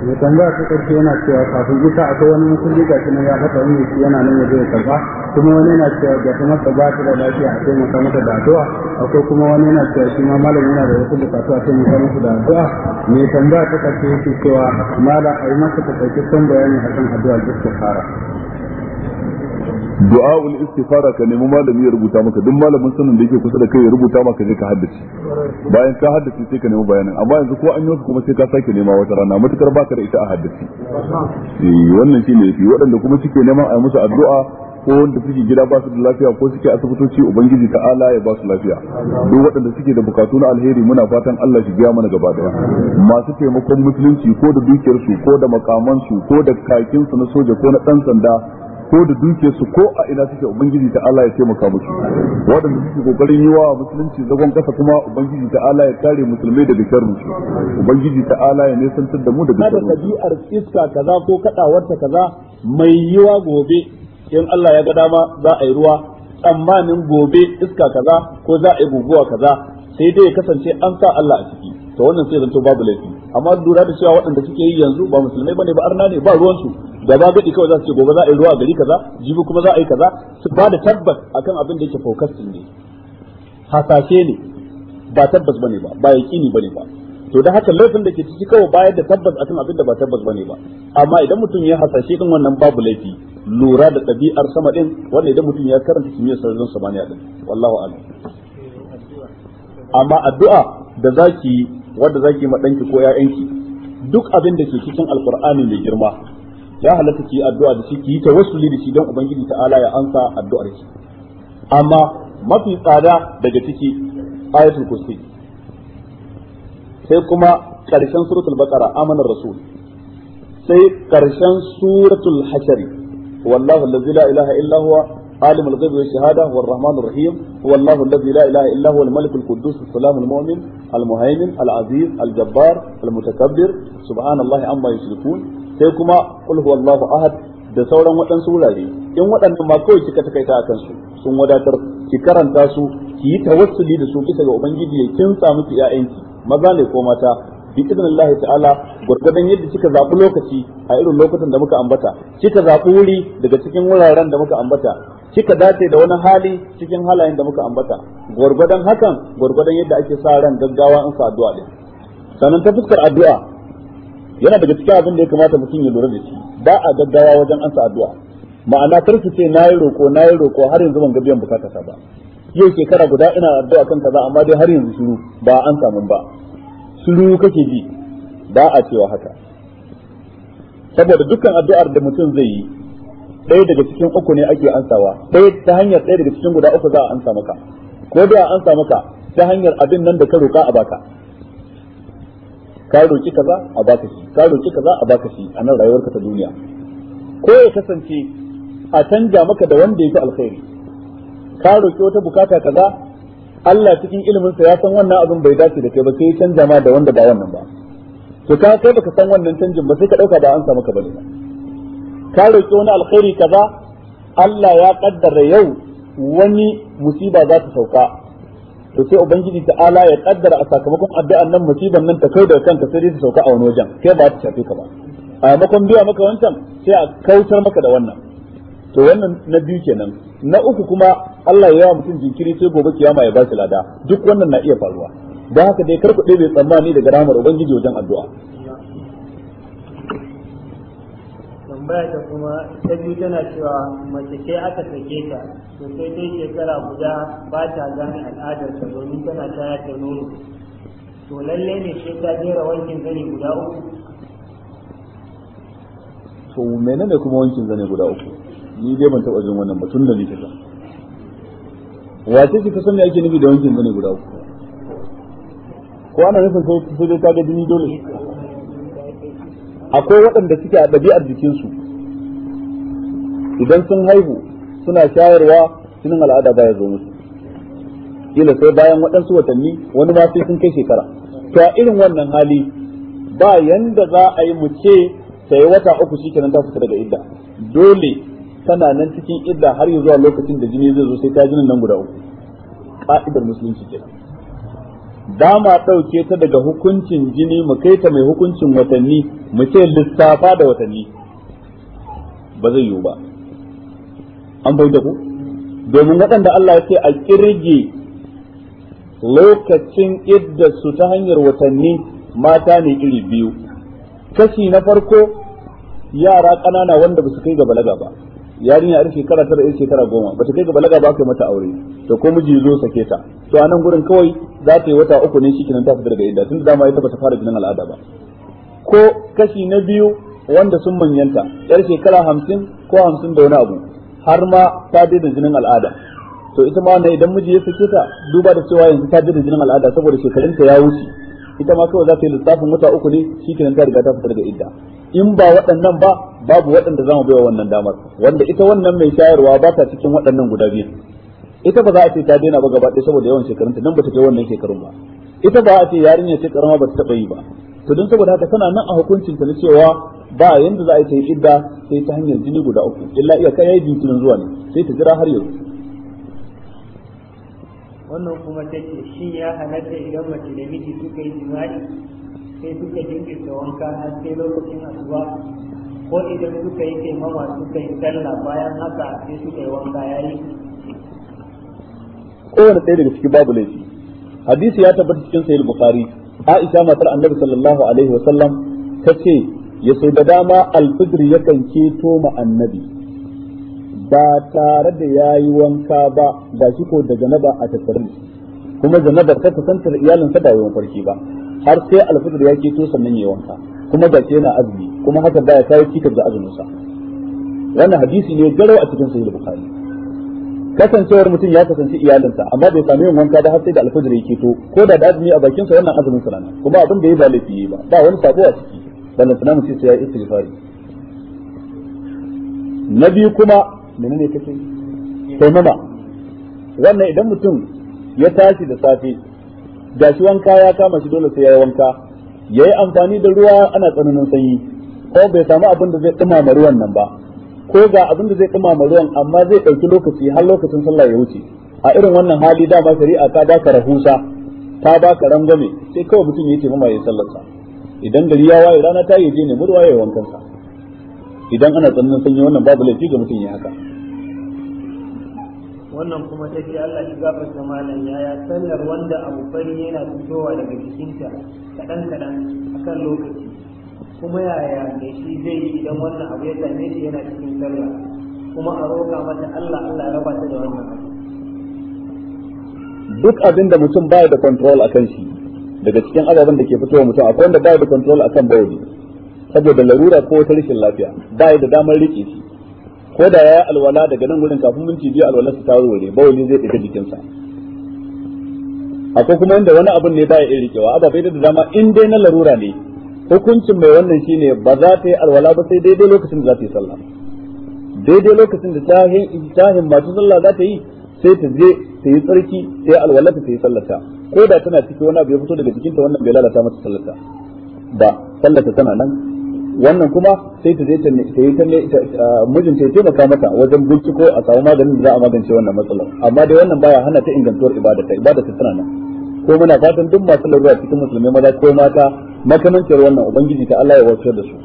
ya tambaya ta karshe yana cewa kafin isa akwai wani musulmi ga kuma ya fata wani shi yana nan ya zai karba kuma wani yana cewa ga kuma ta ba ta da lafiya a taimaka musa mata da addu'a akwai kuma wani yana cewa shi ma malam yana da wasu bukatu a sai musa mata da addu'a me tambaya ta karshe yake cewa malam a yi masa ta ɗauki son bayani akan addu'a duk ta fara du'a du'a'ul istifara ka nemi malami ya rubuta maka duk malamin sanin da yake kusa da kai ya rubuta maka je ka haddace bayan ka haddace sai ka nemi bayanin amma yanzu ko an yi kuma sai ka sake nema wata rana matukar baka da ita a haddace eh wannan shine yafi waɗanda kuma suke neman a musu addu'a ko wanda suke gida ba su da lafiya ko suke asibitoci ubangiji ta'ala ya ba su lafiya duk waɗanda suke da bukatu na alheri muna fatan Allah shi biya mana gaba daya masu taimakon musulunci ko da dukiyarsu ko da makamansu ko da kakin su na soja ko na dan sanda ko da dukiyarsu ko a ina suke ubangiji ta Allah ya taimaka musu waɗanda suke kokarin yi wa musulunci zagon kasa kuma ubangiji ta Allah ya kare musulmai daga sharrin su ubangiji ta Allah ya nesantar da mu daga sharrin kada tabi'ar iska kaza ko ta kaza mai yiwa gobe in Allah ya ga dama za a yi ruwa tsammanin gobe iska kaza ko za a yi guguwa kaza sai dai ya kasance an sa Allah a ciki to wannan sai zanto babu laifi amma lura da cewa waɗanda suke yi yanzu ba musulmai bane ba arna ne ba ruwansu. da ba gadi kawai za su ce gobe za a yi ruwa a gari kaza jibi kuma za a yi kaza su ba da tabbas akan abin da yake fokasin ne hasashe ne ba tabbas bane ba ba yaqini bane ba to da haka laifin da ke ciki kawai bayar da tabbas akan abin da ba tabbas bane ba amma idan mutum ya hasashe din wannan babu laifi lura da ɗabi'ar sama din wanda idan mutum ya karanta kimiyyar sararin samaniya din wallahu a'lam amma addu'a da zaki wanda zaki ma ɗanki ko ya'yanki, duk abin da ke cikin alkur'ani mai girma ya halatta ki addu'a da shi ki yi tawassuli da shi don ubangiji ta'ala ya ansa addu'ar ki amma mafi tsada daga ciki ayatul kursi sai kuma karshen suratul baqara amanar rasul sai ƙarshen suratul hashari wallahu allazi la ilaha illa huwa عالم الغيب والشهادة هو الرحمن الرحيم هو الله الذي لا إله إلا هو الملك القدوس السلام المؤمن المهيمن العزيز الجبار المتكبر سبحان الله عما يشركون سيكما قل هو الله أحد da sauran waɗansu wurare in waɗannan ma kawai kika takaita a kansu sun wadatar ki karanta su ki yi tawassuli da su bisa ga ubangiji ya kinsa miki ƴaƴanki maza ne ko mata bi Allah ta'ala gurgurdan yadda kika zabi lokaci a irin lokutan da muka ambata kika zabi wuri daga cikin wuraren da muka ambata kika dace da wani hali cikin halayen da muka ambata gurgurdan hakan gurgurdan yadda ake sa ran gaggawa in sa addu'a din sannan ta fuskar addu'a yana daga cikin abin da ya kamata mutum ya lura da shi ba a gaggawa wajen ansa addu'a ma'ana kar ki ce nayi roko nayi roko har yanzu ban ga biyan bukata ta ba yau shekara guda ina addu'a kan kaza amma dai har yanzu shiru ba an samu ba shiru kake ji ba a cewa haka saboda dukkan addu'ar da mutum zai yi ɗaya daga cikin uku ne ake ansawa ɗaya ta hanyar ɗaya daga cikin guda uku za a ansa maka ko da a ansa maka ta hanyar abin nan da ka roƙa a baka ka roƙi kaza a baka shi ka roƙi kaza a baka shi a nan rayuwarka ta duniya ko ya kasance a canja maka da wanda yake alkhairi ka roƙi wata bukata kaza Allah cikin ilimin sa ya san wannan abin bai dace da kai ba sai ya canja ma da wanda ba wannan ba to ka kai baka san wannan canjin ba sai ka dauka ba an samu ka bane ka roki wani alkhairi kaza Allah ya kaddara yau wani musiba za ta sauka to sai ubangiji ta'ala ya kaddara a sakamakon addu'an nan musiban nan ta kai da kanka sai ta sauka a wani wajen kai ba ta shafe ka ba a makon biya maka wancan sai a kautar maka da wannan to wannan na biyu kenan na uku kuma Allah ya yawa mutum jinkiri sai gobe kiyama ya ba shi lada duk wannan na iya faruwa don haka dai kar ku ɗebe tsammani daga ramar ubangiji wajen addu'a tambaya ta kuma ta biyu tana cewa mace sai aka sake ta to sai dai shekara guda ba ta gane al'adar ta, domin tana shayar ta nono to lalle ne sai ta jera wankin zane guda uku to menene kuma wankin zane guda uku ni dai ban taɓa jin wannan ba tun da likita wace ce ta ake nufi da wankin zane guda uku ko ana nufin sai dai ta ga jini dole akwai waɗanda suke a ɗabi'ar jikinsu idan sun haihu suna shayarwa jinin al'ada baya zo musu kila sai bayan waɗansu watanni wani ma sai sun kai shekara to a irin wannan hali ba yanda za a yi mu ce sai wata uku shi kenan ta fita daga idda dole tana nan cikin idda har zuwa lokacin da jini zai zo sai ta jinin nan guda uku ka'idar musulunci Da dama ɗauke ta daga hukuncin jini mu kai ta mai hukuncin watanni mu ce lissafa da watanni ba zai yiwu ba an bai da ku domin waɗanda Allah ya ce a kirge lokacin su ta hanyar watanni mata ne iri biyu kashi na farko yara ƙanana wanda ba su kai ga balaga ba yarinya a shekara tara yar shekara goma ba ta kai ga balaga ba kai mata aure to ko miji zo sake ta to a nan gurin kawai za ta yi wata uku ne shi ta fita daga idda tunda dama ita bata fara jinin al'ada ba ko kashi na biyu wanda sun manyanta yar shekara hamsin ko hamsin da wani abu har ma ta daina jinin al'ada to ita ma idan miji ya sake ta duba da cewa yanzu ta daina jinin al'ada saboda shekarunta ya wuce ita ma kawai za ta yi lissafin wata uku ne shi ta riga ta fita daga idda in ba waɗannan ba babu waɗanda za mu baiwa wannan damar wanda ita wannan mai shayarwa ba ta cikin waɗannan guda biyu ita ba za a ce ta daina ba gaba ɗaya saboda yawan shekarunta nan ba ta kai wannan shekarun ba ita ba a ce yarinya ce karama ba ta taɓa yi ba to don saboda haka tana nan a hukuncin ta na cewa ba yanda za a yi ta yi idda sai ta hanyar jini guda uku illa iya kai yayi jinkirin zuwa ne sai ta jira har yau wannan kuma take shin ya halatta idan mace da miji suka yi jima'i sai suka jinkirta wanka har sai lokacin asuba ko idan suka yi taimama suka yi talla bayan haka sai suka yi wanka ya yi. kowane ɗaya daga ciki babu laifi hadisi ya tabbata cikin sahih bukhari aisha matar annabi sallallahu alaihi wasallam ta ce ya sau da dama alfijir yakan keto ma annabi ba tare da ya yi wanka ba ga shi ko da janaba a tattare kuma janabar ta kusantar iyalinsa ba yawan farki ba har sai alfajir ya keto sannan ya wanka kuma ga yana azumi kuma haka baya kai cikas da azumin sa wannan hadisi ne garau a cikin sahih bukhari kasancewar mutum ya kasance iyalinsa amma bai sami yin wanka da har sai da alfajir ya keto ko da da azumi a bakin sa wannan azumin sa kuma abin da ya ba laifi ba ba wani sabuwa a ciki ballan sunan mutum sai ya istighfari na biyu kuma menene kake taimama wannan idan mutum ya tashi da safe shi wanka ya kama shi dole sai ya wanka ya yi amfani da ruwa ana tsananin sanyi ko bai samu abin da zai dumama ruwan nan ba ko ga abin da zai dumama ruwan amma zai ɗauki lokaci har lokacin sallah ya wuce a irin wannan hali dama shari'a ta baka rahusa ta baka rangwame sai kawai mutum ya ce mama ya sallarsa idan gari ya waye rana ta yi je ne murwa ya wankan sa. idan ana tsananin sanyi wannan babu laifi ga mutum ya haka wannan kuma ta ce Allah gafar gafarta malam yaya sallar wanda abu fari yana fitowa daga jikinta kaɗan kaɗan kan lokaci kuma yaya ne shi zai yi idan wannan abu ya same shi yana cikin sallah kuma a roƙa mata Allah Allah ya raba ta da wannan abu duk abin da mutum baya da control akan shi daga cikin ababen da ke fitowa mutum akwai wanda baya da control akan bawli saboda larura ko wata rashin lafiya baya da damar rike shi ko da ya alwala daga nan gurin kafin minti biyu alwala su ba bawali zai ɗaga jikinsa akwai kuma inda wani abin ne baya iya rikewa bai da dama in dai na larura ne hukuncin mai wannan shine ba za ta yi alwala ba sai daidai lokacin da za ta yi sallah daidai lokacin da ta tahin masu sallah za ta yi sai ta je ta yi tsarki sai alwala ta yi ta ko da tana cikin wani abu ya fito daga jikinta wannan bai lalata mata ta ba ta tana nan wannan kuma sai ta je ta yi ta mijin ta taimaka mata wajen binciko a samu maganin da za a magance wannan matsalar amma dai wannan baya hana ta ingantuwar ibada ta ibada ta tana ko muna fatan duk masu larura cikin musulmai maza ko mata makamancin wannan ubangiji ta Allah ya warkar da su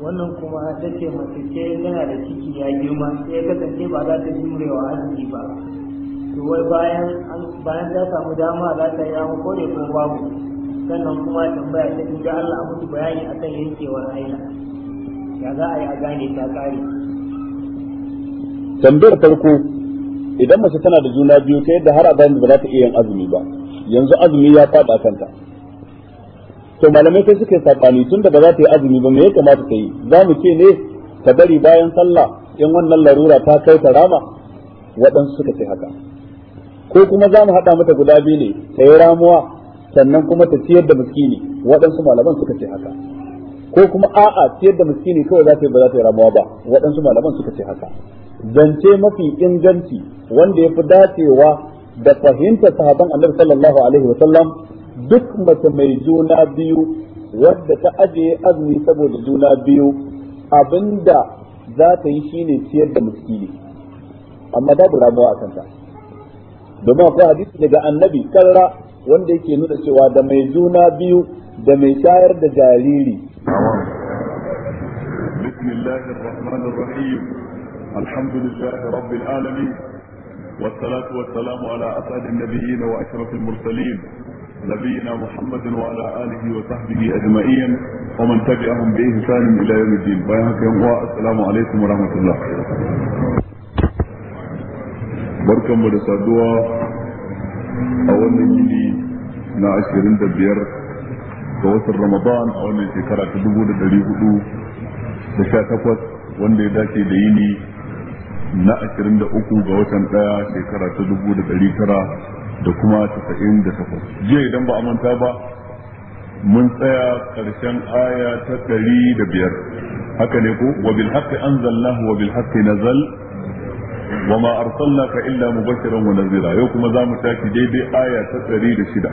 wannan kuma ta ce mace ce yana da ciki ya girma sai ya kasance ba za ta jimrewa azumi ba to bayan bayan ta samu dama za ta yi ko kuma babu sannan kuma tambaya ta duka Allah a mutu bayani akan yankewar aina, ya za a yi a gane ta kare tambayar farko idan mace tana da juna biyu ta yadda har abin da ba za ta iya yin azumi ba yanzu azumi ya faɗa kanta to malamai sai suka tun da ba za ta yi azumi ba me ya kamata ta yi za mu ce ne ta bari bayan sallah in wannan larura ta kai ta rama waɗansu suka ce haka ko kuma za mu haɗa mata guda biyu ne ta yi ramuwa sannan kuma ta ciyar da miskini waɗansu malaman suka ce haka ko kuma a'a ciyar da miskini kawai za ta yi ba za ta yi ramuwa ba waɗansu malaman suka ce haka zance mafi inganci wanda ya fi dacewa da fahimtar sahaban annabi sallallahu alaihi wa sallam duk mace mai juna biyu wadda ta ajiye azumi saboda juna biyu abinda za ta yi shine ciyar da miskini amma babu ramuwa a kanta domin akwai hadisi daga annabi karra wanda yake nuna cewa da mai juna biyu da mai shayar da jariri والصلاة والسلام على أسعد النبيين وأشرف المرسلين نبينا محمد وعلى آله وصحبه أجمعين ومن تبعهم بإحسان إلى يوم الدين بيانك يوم السلام عليكم ورحمة الله بركة مدسة a wannan yini na ashirin da biyar ga watan ramadan a wannan shekara ta dubu da dari hudu da sha takwas wanda ya dace da yini na ashirin da uku ga watan daya shekara ta dubu da dari tara da kuma tasa'in da takwas jiya idan ba a manta ba mun tsaya ƙarshen aya ta ɗari da biyar haka ne ko wa bil haqqi anzalallahu wa bil haqqi nazal وما أرسلناك إلا مبشرا ونذيرا yau kuma zamu taki دي aya تسري لشدة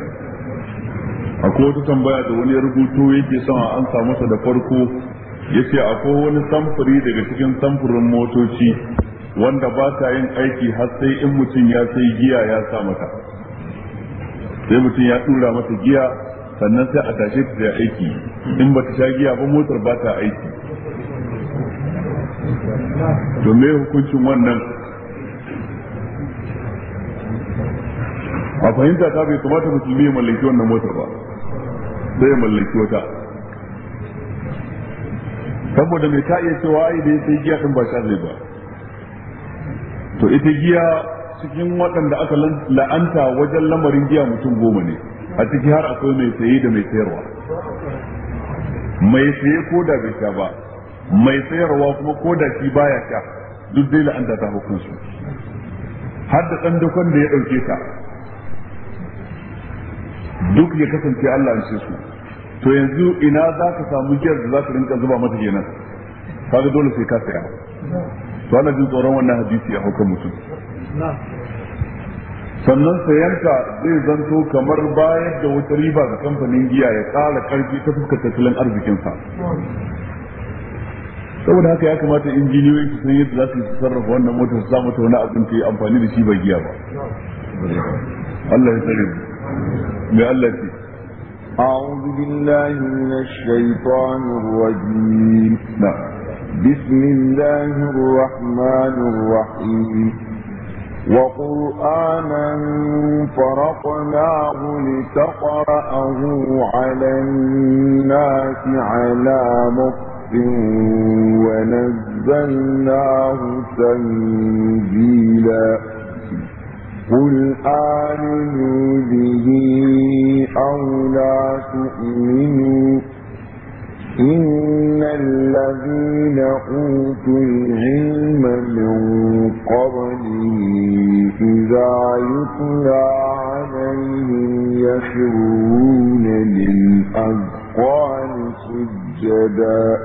akwai wata tambaya da wani rubutu yake son a ansa masa da farko yace akwai wani samfuri daga cikin samfurin motoci wanda ba ta yin aiki har sai in mutum ya sai giya ya sa mata sai mutum ya tura mata giya sannan sai a tashe ta da aiki in ba ta sha giya ba motar ba ta aiki to me hukuncin wannan a fahimta ta bai kamata musulmi ya mallaki wannan motar ba sai mallaki wata saboda mai ta iya cewa ai da sai giya din ba ta zai ba to ita giya cikin waɗanda aka la'anta wajen lamarin giya mutum goma ne a ciki har akwai mai saye da mai sayarwa mai saye ko da bai sha ba mai sayarwa kuma ko da shi baya sha duk dai la'anta ta hukunsu har da ɗan da ya ɗauke ta duk ya kasance Allah ya su to yanzu ina za ka samu giyar da za ka rinka zuba mata kenan kaga dole sai ka saya to ana jin tsoron wannan hadisi a hukan mutum sannan sayanka zai zanto kamar bayar da wata riba ga kamfanin giya ya tsara karfi ta fuskar tattalin arzikinsa saboda haka ya kamata injiniyoyi su san yadda za su sarrafa wannan motar su samu ta wani abin ta yi amfani da shi ba giya ba Allah ya tsare بألتي أعوذ بالله من الشيطان الرجيم لا. نعم. بسم الله الرحمن الرحيم وقرآنا فرقناه لتقرأه على الناس على مكف ونزلناه تنزيلا قل آمنوا به أو لا تؤمنوا إن الذين أوتوا العلم من قبله إذا يطلع عليهم يخرون للأذقان سجدا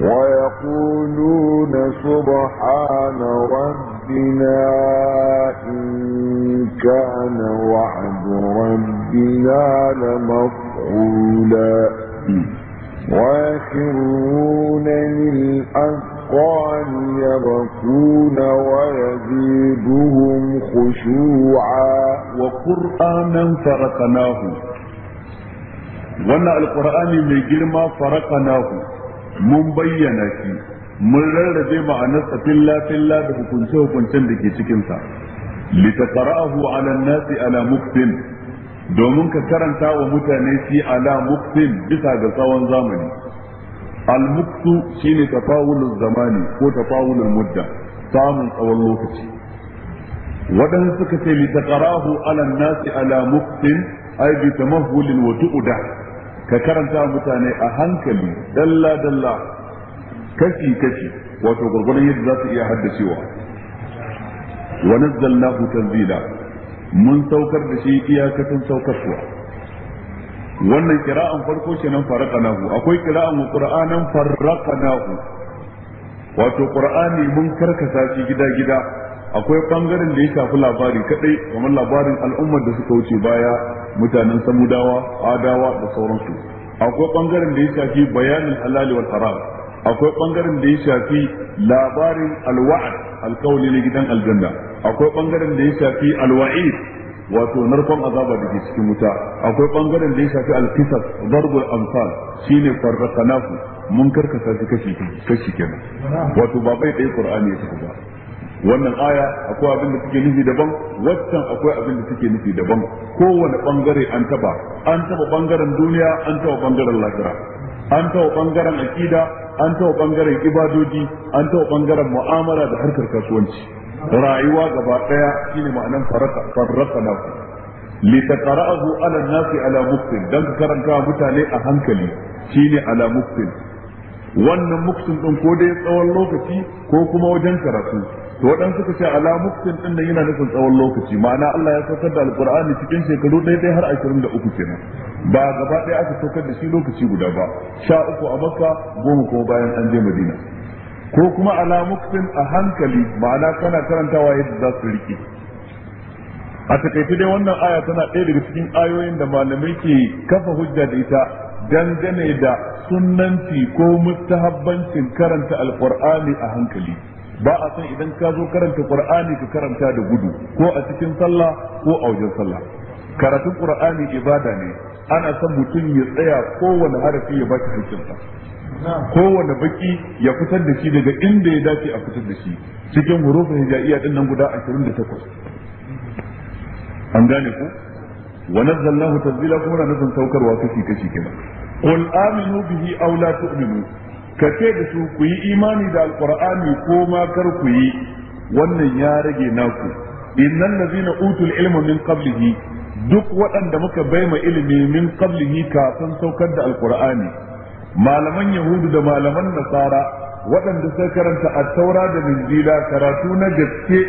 ويقولون سبحان ربنا إن كان وعد ربنا لمفعولا ويخرون للأذقان يبكون ويزيدهم خشوعا وقرآنا فرقناه وانا القرآن من جرم فرقناه mun bayyana shi mun rarrabe ma'anarsa filla filla da hukunce hukuncen da ke cikinsa litaqra'ahu 'ala nasi 'ala muktin domin ka karanta wa mutane shi ala muktin bisa ga tsawon zamani al-muktu shine tafawulul zamani ko tafawulul mudda samun tsawon lokaci waɗansu suka ce litaqra'ahu 'ala an-nasi 'ala muktin ay bi tamahhulin wa ka karanta mutane a hankali dalla dalla kashi kashi wato gurgurun yadda za su iya haddacewa wa nazzalnahu tanzila mun saukar da shi iyakatun saukarwa wannan kira'an farko kenan faraqanahu akwai kira'an qur'anan farraqanahu wato qur'ani mun karkasa shi gida gida akwai bangaren da ya shafi labari kadai kamar labarin al'ummar da suka wuce baya mutanen samudawa adawa da sauransu akwai bangaren da ya shafi bayanin halal wal haram akwai bangaren da ya shafi labarin alwa'ad alkawli na gidan aljanna akwai bangaren da ya shafi alwa'id wato narkon azaba da ke cikin wuta akwai bangaren da ya shafi alkisas darbul amsal shine farraqanahu mun karkasa shi kashi kashi kenan wato ba bai ɗaya qur'ani ya tafi ba wannan aya akwai abin da suke nufi daban waccan akwai abin da suke nufi daban kowane bangare an taba an taba bangaren duniya an taba bangaren lahira an taɓa ɓangaren aƙida an taba bangaren ibadoji an taɓa ɓangaren mu'amala da harkar kasuwanci rayuwa gaba ɗaya shine ma'anan faraka farraka na ku li taqra'ahu ala nasi ala muktin dan ka karanta mutane a hankali shine ala muktin wannan muktin din ko dai tsawon lokaci ko kuma wajen karatu to wadan suka ce ala muktin din nan yana nufin tsawon lokaci ma'ana Allah ya saukar da alqur'ani cikin shekaru ɗaya ɗaya har 23 kenan ba gaba ɗaya aka saukar da shi lokaci guda ba sha uku a makka goma kuma bayan an je madina ko kuma ala muktin a hankali ma'ana kana karantawa yadda za su riƙe a takaice dai wannan aya tana ɗaya daga cikin ayoyin da malamai ke kafa hujja da ita dangane da sunnanci ko mustahabbancin karanta alqur'ani a hankali ba a san idan ka zo karanta qur'ani ka karanta da gudu ko a cikin sallah ko a wajen sallah karatun qur'ani ibada ne ana son mutum ya tsaya kowane harafi ya baki hankinsa kowane baki ya fitar da shi daga inda ya dace a fitar da shi cikin hurufin hijaiya din nan guda 28 an gane ku wa nazzalnahu tanzila kuma na nufin saukarwa kashi kashi kenan qul aminu bihi aw la ka ce da su ku yi imani da alqur'ani ko ma kar ku yi wannan ya rage naku innal ladzina utul ilma duk waɗanda muka ma ilimi min qablihi kafin saukar da alqur'ani malaman yahudu da malaman nasara waɗanda sai karanta at-taura da injila karatu na gaske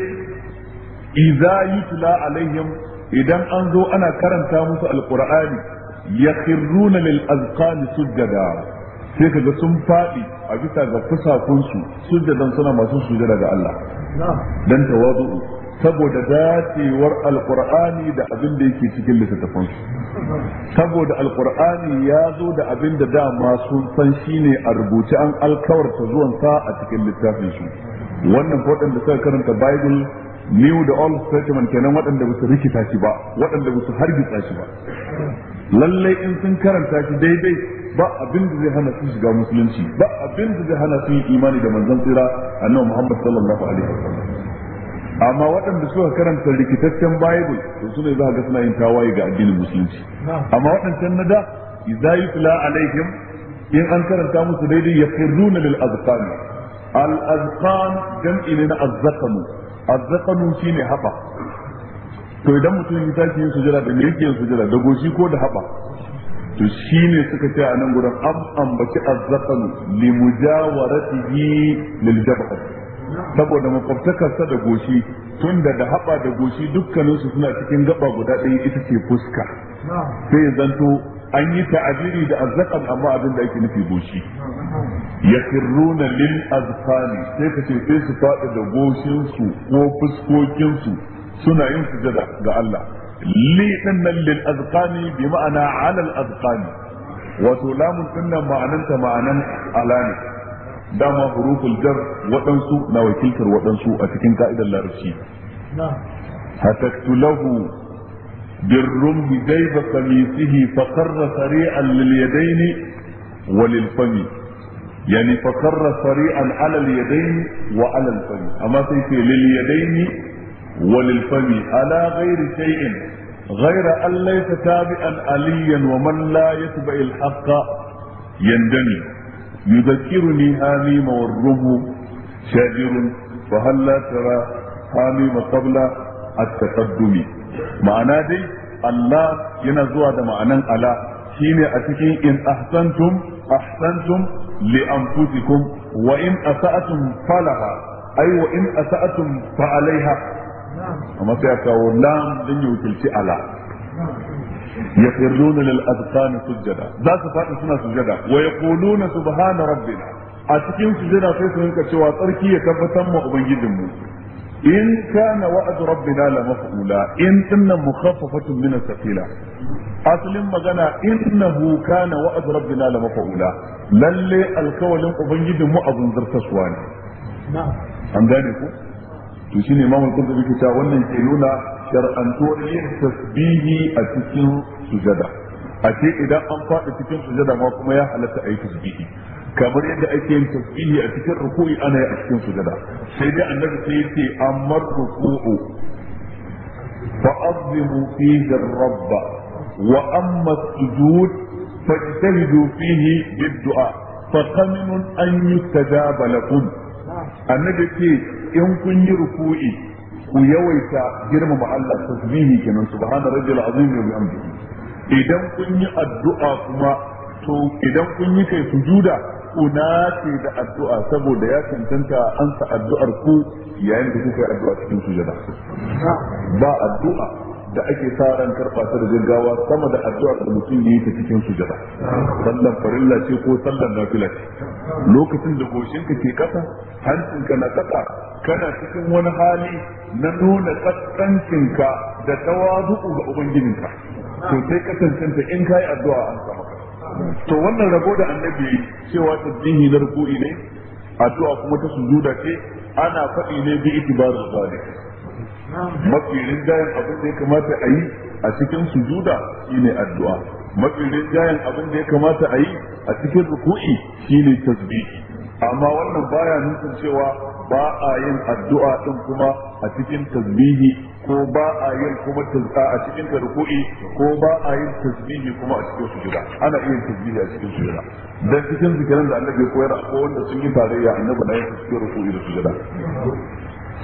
idza yutla alaihim idan an zo ana karanta musu alqur'ani yakhruna lil azqani sujada sai kaga sun fadi a bisa ga kusakun su sujadan suna masu sujada ga Allah dan tawadu saboda dacewar alqur'ani da abin da yake cikin littattafan su saboda alqur'ani ya zo da abin da dama sun san shine a rubuce an alkawarta zuwan sa a cikin littafin su wannan waɗanda suka karanta bible new da old testament kenan waɗanda ba su rikita shi ba waɗanda ba su hargitsa shi ba lallai in sun karanta shi daidai ba abin da zai hana su shiga musulunci ba abin da zai hana su yi imani da manzon tsira annabi Muhammad sallallahu alaihi wasallam amma waɗanda suka karanta rikitaccen bible to su ne za ga suna yin tawaye ga addinin musulunci amma waɗancan na da idza yutla alaihim in an karanta musu daidai yaqirruna lil azqan al azqan jam'i ne na azzaqamu azzaqamu shine hafa to idan mutum ya tashi yin sujada da yake yin sujada da goshi ko da haba to shi ne suka ce a nan gudan am ambaci azzaqan li mujawaratihi lil jabha saboda makwabtakarsa da goshi tun da da haba da goshi dukkaninsu suna cikin gaba guda ɗaya ita ce fuska sai ya zanto an yi ta'abiri da azzaqan amma abin da ake nufi goshi yakirruna lil azqani sai ka ce sai su faɗi da goshinsu ko fuskokinsu suna yin sujada ga Allah li dinnan lil azqani bi ma'ana ala al azqani wato lamun dinnan ma'ananta ma'anan ala ne dama huruful jar waɗansu na wakiltar waɗansu a cikin ka'idar larabci hataktu lahu بالرمح جيب قميصه فقر سريعا لليدين وللفم يعني فقر سريعا على اليدين وعلى الفم اما سيتي لليدين وللفم على غير شيء غير أن ليس تابعا عليا ومن لا يتبع الحق يندمي يذكرني هاميم والرب شاجر فهل لا ترى هاميم قبل التقدم معنى دي الله ينزوى ده معنى على شيني أتكين إن أحسنتم أحسنتم لأنفسكم وإن أسأتم فلها أي وإن أسأتم فعليها amma sai a lam don ya wakilci ala ya firruna lil azqan sujjada za su faɗi suna sujjada wa yaquluna subhana rabbina a cikin sujada sai su rinka cewa tsarki ya tabbatar ma ubangijinmu in kana wa'du rabbina la maf'ula in inna mukhaffafatun min as-saqila asalin magana innahu kana wa'du rabbina la maf'ula lalle alkawalin mu abun zartaswa ne an gane ku to shine imam al-qurtubi ke cewa wannan ke nuna shar'antuwar yin tasbihi a cikin sujada a ce idan an faɗi cikin sujada ma kuma ya halatta a yi tasbihi kamar yadda ake yin tasbihi a cikin ruku'i ana yi a cikin sujada sai dai annabi sai yace amma ruku'u fa azimu fihi rabba wa amma sujud fajtahidu fihi bid-du'a fa qaminun an yustajaba lakum annabi ce in kun yi ruku'i ku yawaita girmama Allah tasbihi kenan subhana rabbil azim wa bihamdihi idan kun yi addu'a kuma to idan kun yi kai sujuda kuna ce da addu'a saboda ya cancanta an sa addu'ar ku yayin da kuka yi addu'a cikin sujada ba addu'a da ake sa ran karɓa ta da gaggawa sama da addu'a da mutum yi ta cikin su sujada sallan farilla ce ko sallan nafila ce lokacin da goshinka ke kasa hancinka na kasa kana cikin wani hali na nuna kaskancinka da tawazu'u ga ubangijinka to sai ka tantance in kai addu'a an sa to wannan rabo da annabi cewa ta dini na ruku'i ne addu'a kuma ta sujuda ce ana faɗi ne bi itibarul salih mafi rinjayen abin da ya kamata a yi a cikin sujuda shine addu'a mafi rinjayen abin da ya kamata a yi a cikin ruku'i shine tasbihi amma wannan baya nufin cewa ba a yin addu'a din kuma a cikin tasbihi ko ba a yin kuma tilka a cikin ruku'i ko ba a yin tasbihi kuma a cikin sujuda ana iya tasbihi a cikin sujuda dan cikin zikiran da annabi koyar a wanda sun yi tarayya annabi da yin cikin ruku'i da sujuda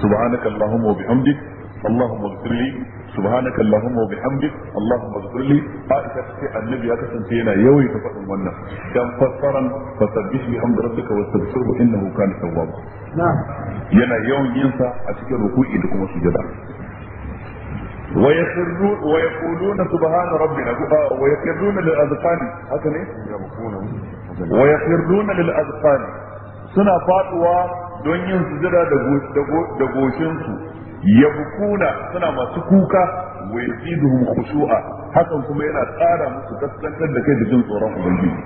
subhanakallahumma wa bihamdika اللهم اغفر لي سبحانك اللهم وبحمدك اللهم اغفر لي عائشة في النبي هذا سنتينا يوي تفضل منا كان فسرا فسبح بحمد ربك واستغفره انه كان توابا نعم ينا يوم ينسى اشكر ركوعي لكم سجدا ويخرون ويقولون سبحان ربنا ويخرون للاذقان هكذا ويخرون للاذقان suna faduwa don yin sujada da goshinsu yabkuna suna masu kuka wa yaziduhum khushu'a hakan kuma yana tsara musu kaskantar da kai da jin tsoron ubangiji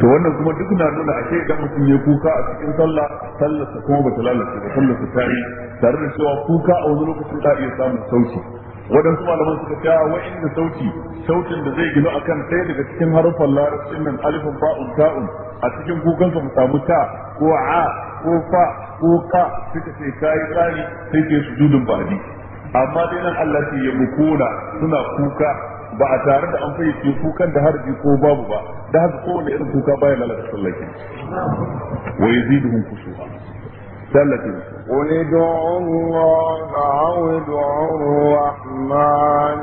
to wannan kuma duk na nuna a idan mutum ya kuka a cikin sallah sallarsa kuma bata lalace ba sallarsa ta yi tare da cewa kuka a wani lokacin ta iya samun sauki waɗansu malaman suka ce wa'inda sauti sautin da zai gino akan sai daga cikin haruffan larabcin nan alifin ba'un ta'un a cikin kukansa mu samu ta ko a ko fa ko ka suka ce yi tsari sai ke sujudin ba'adi amma dai nan Allah ke ya mukuna suna kuka ba a tare da an fayyace kukan da harbi ko babu ba da haka kowane irin kuka baya lalata sallake wa yaziduhum kusuha sallatin قل ادعوا الله أو ادعوا الرحمن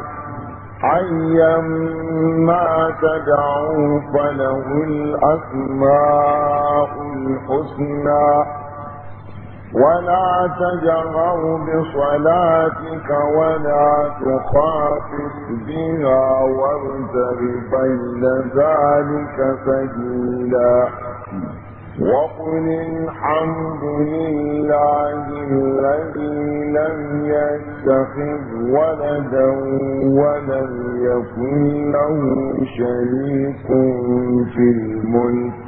أيما تدعوا فله الأسماء الحسنى ولا تجهر بصلاتك ولا تخافت بها وارتب بين ذلك سبيلا وقل الحمد لله الذي لم يتخذ ولدا ولم يكن له شريك في الملك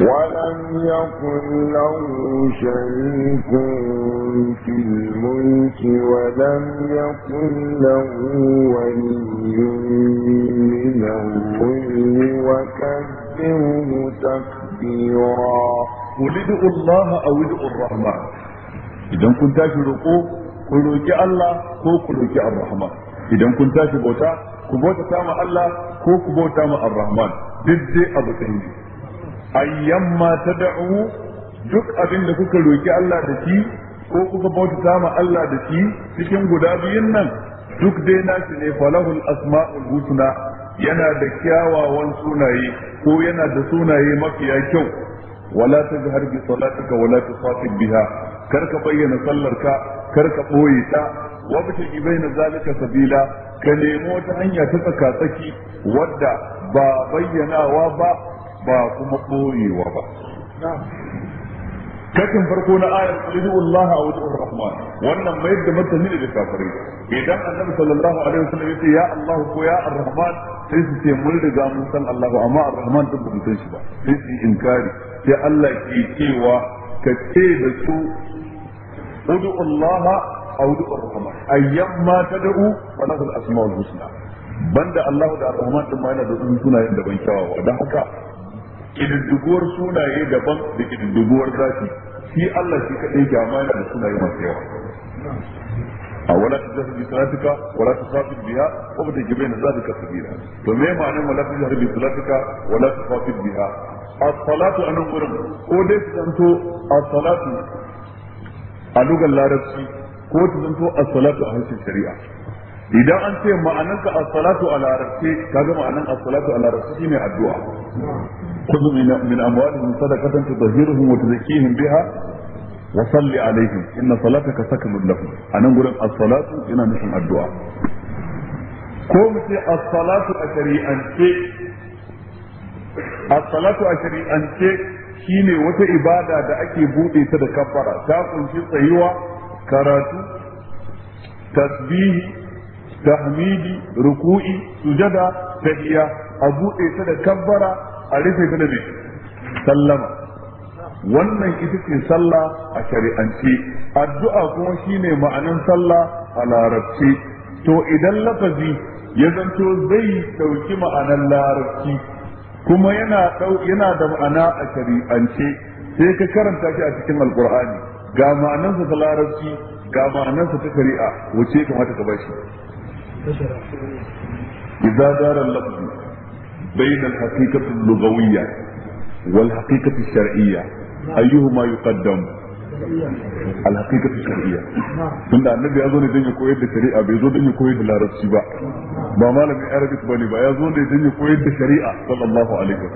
ولم يكن له شريك في الملك ولم يكن له ولي من الظل وكبره تكبيرا قل ادعوا الله او ادعوا الرحمن idan kun tashi roƙo ku roƙi Allah ko ku roƙi Ar-Rahman idan kun tashi bauta ku bauta ma Allah ko ku bauta ma Ar-Rahman duk abu ɗaya ayyamma da'u, duk abin da kuka roki Allah da shi ko kuka bauta sama Allah da shi cikin guda biyun nan duk dai nashi ne falahul asma'ul husna yana da kyawawan sunaye ko yana da sunaye mafiya kyau wala tajhar bi salatika wala tusafid biha kar ka bayyana sallarka kar ka boye ta wa bi baina zalika sabila ka nemo ta hanya ta tsaka tsaki wadda ba bayyanawa ba ba kuma ɓoyewa ba kakin farko na ayar qulu Allah a wajhur rahman wannan mai da martani da kafirai idan annabi sallallahu alaihi wasallam ce ya Allah ko ya ar-rahman sai su ce mun riga mun san Allah amma ar-rahman din ba san shi ba sai su inkari sai Allah ke cewa ka ce da su qulu Allah a wajhur rahman ayyamma tad'u fa lahu al-asma'ul husna banda Allah da ar-rahman din ma yana da sunayen da ban kyawawa dan haka kididduguwar sunaye daban da kididduguwar zafi shi Allah shi kaɗai ke yana da sunaye masu yawa a wala ta zafi bi salatika wala ta biya ko ba ta jibe na zalika sabila to me ma'anin wala ta zafi bi salatika wala ta safir biya a salatu anan gurin ko dai su zanto a salatu a lugar larabci ko ta zanto a salatu a harshen shari'a idan an ce ma'anarka a salatu a larabci kaga ma'anar a salatu a larabci ne addu'a خذ من من اموالهم صدقه تطهرهم وتزكيهم بها وصل عليهم ان صلاتك سكن لهم انا نقول الصلاه ina nufin addu'a ko mu ce as-salatu a shari'ance as-salatu a shari'ance shine wata ibada da ake bude ta da kabbara ta kunshi tsayuwa karatu tasbihi tahmidi ruku'i sujada tahiyya a buɗe ta da kabbara a rufe ta da me sallama wannan ita ce sallah a shari'ance addu'a kuma shine ma'anin sallah a larabci to idan lafazi ya zanto zai dauki ma'anan larabci kuma yana yana da ma'ana a shari'ance sai ka karanta shi a cikin alqur'ani ga ma'anansa ta larabci ga ma'anansa ta shari'a wace ya kamata ka bashi بين الحقيقة اللغوية والحقيقة الشرعية أيهما يقدم الحقيقة الشرعية tunda annabi ya zo ne don ya koyar da shari'a bai zo don ya koyar ba ba malamin arabic bane ba ya zo ne don koyar da shari'a sallallahu alaihi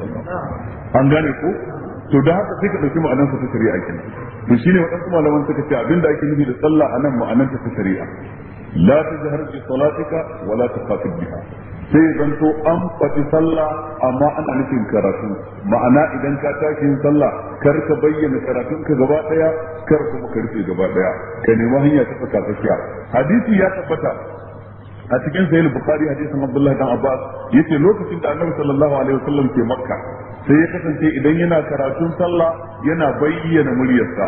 an gane ko to da haka sai ka dauki ma'anar ta shari'a kenan to shine wadansu malaman suka ce abinda ake nufi da sallah anan ma'anar ta shari'a la tajhar bi salatika wala la tuqatib biha sai zanto an faɗi sallah amma ana nufin karatu ma'ana idan ka tashi yin sallah kar ka bayyana karatun ka gaba daya kar kuma ka gaba daya ka nemi hanya ta tsaka tsakiya hadisi ya tabbata a cikin sahih bukhari hadisin abdullah dan abbas yace lokacin da annabi sallallahu alaihi wasallam ke makka sai ya kasance idan yana karatun sallah yana bayyana muryarsa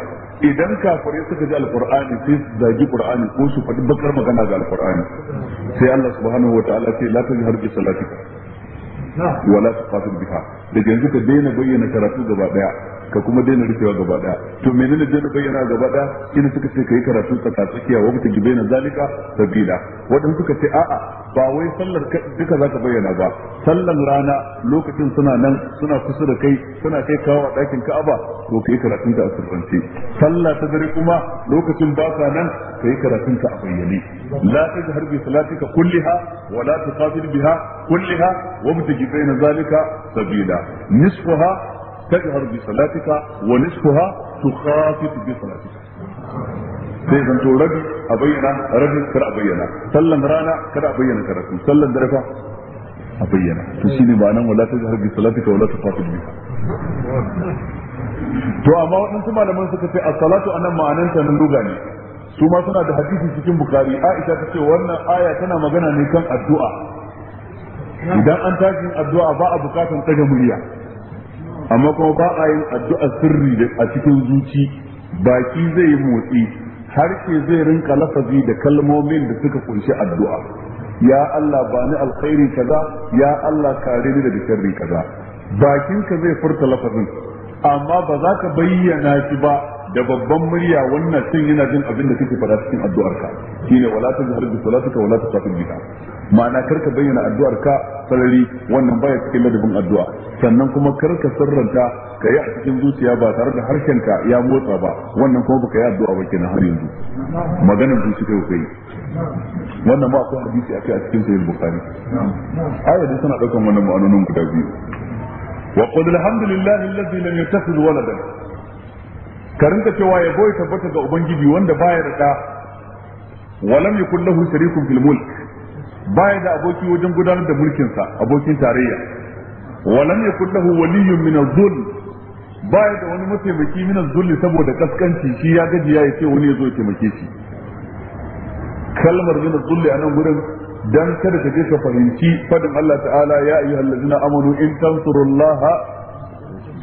idan kafirai suka ji alqur'ani sai su zagi qur'ani ko su fadi bakar magana ga alqur'ani sai Allah subhanahu wa ta'ala ce la tajhar bi salatika wala tuqatil biha daga yanzu ka daina bayyana karatu gaba daya ka kuma daina rufewa gaba daya to menene da da bayyana gaba daya ina suka ce kai karatu tsaka tsakiya wa mutu gibe na zalika sabila wadanda suka ce a'a ba wai sallar duka za ka bayyana ba sallar rana lokacin suna nan suna kusa da kai suna kai kawo a ɗakin ka'aba to kai karatun ta a sirrance sallah ta dare kuma lokacin ba ka nan kai karatun ka a bayyane la tajhar ka salatika kulliha wa la tuqatil biha kulliha wa mutu gibe na zalika sabila nisfuha tajhar bi salatika wa nisfuha tukhafit bi salatika sai zan to rabi a bayyana rabi kar a bayyana sallan rana kar a bayyana karatu sallan dare a bayyana to shine ba nan wala tajhar bi salatika wala ta tukhafit bi to amma waɗansu malaman suka ce as-salatu anan ma'ananta nan duga ne su ma suna da hadisi cikin bukari aisha ta ce wannan aya tana magana ne kan addu'a idan an tashi addu'a ba a bukatan tsaga murya amma kuma ba a yin addu'a sirri a cikin zuci baki zai yi motsi harshe zai rinka lafazi da kalmomin da suka kunshi addu'a ya Allah ba ni alkhairi kaza ya Allah kare ni da sharri kaza bakinka zai furta lafazin amma ba za ka bayyana shi ba da babban murya wannan sun yana jin abin da kake faɗa cikin addu'arka shine wala tajhar bi salatika wala tusafir biha ma'ana karka bayyana addu'arka sarari wannan baya cikin ladabin addu'a sannan kuma karka sirranta ka yi a cikin zuciya ba tare da harshenka ya motsa ba wannan kuma baka yi addu'a ba kenan har yanzu maganar zuci kai kai wannan ba akwai hadisi akai a cikin sahih bukhari ayyadi suna daukan wannan ma'anonin guda biyu wa qul alhamdulillahi alladhi lam yattakhidh waladan ka rinka cewa ya goyi tabbata ga ubangiji wanda baya da da walam yakul lahu sharikun fil mulk baya da aboki wajen gudanar da mulkin sa abokin tarayya walam yakul lahu waliyyun min az-zulm baya da wani mataimaki min az-zulm saboda kaskanci shi ya gaji ya ce wani ya zo ya taimake shi kalmar min az-zulm anan gurin dan kada ka je ka fahimci fadin Allah ta'ala ya ayyuhallazina amanu in tansurullaha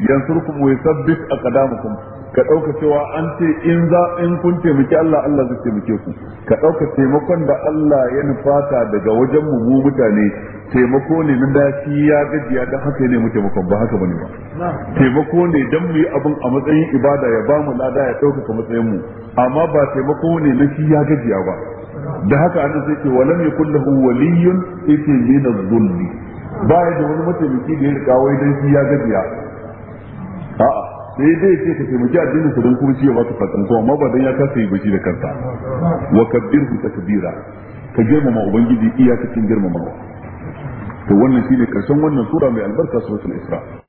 yansurkum wa yuthabbit aqdamakum ka ɗauka cewa an ce in za in kun taimaki Allah Allah zai taimake ku ka ɗauka taimakon da Allah ya nufata daga wajen mu mu mutane taimako ne na dafi ya gajiya don haka ne mu taimakon ba haka bane ba taimako ne dan mu yi abin a matsayin ibada ya bamu lada ya ɗaukaka matsayin mu amma ba taimako ne na shi ya gajiya ba da haka an sai ce walam yakul lahu waliyyun yake min zulmi ba ya da wani mataimaki da ya riga wai dan shi ya gajiya a'a sai dai ce ka taimaki addinin su don kuma shi ya fatan kuma amma ba dan ya kasa yi bashi da kansa wa ta Kabira. ka girmama ubangiji iyakacin girmamawa to wannan shine karshen wannan sura mai albarka suratul isra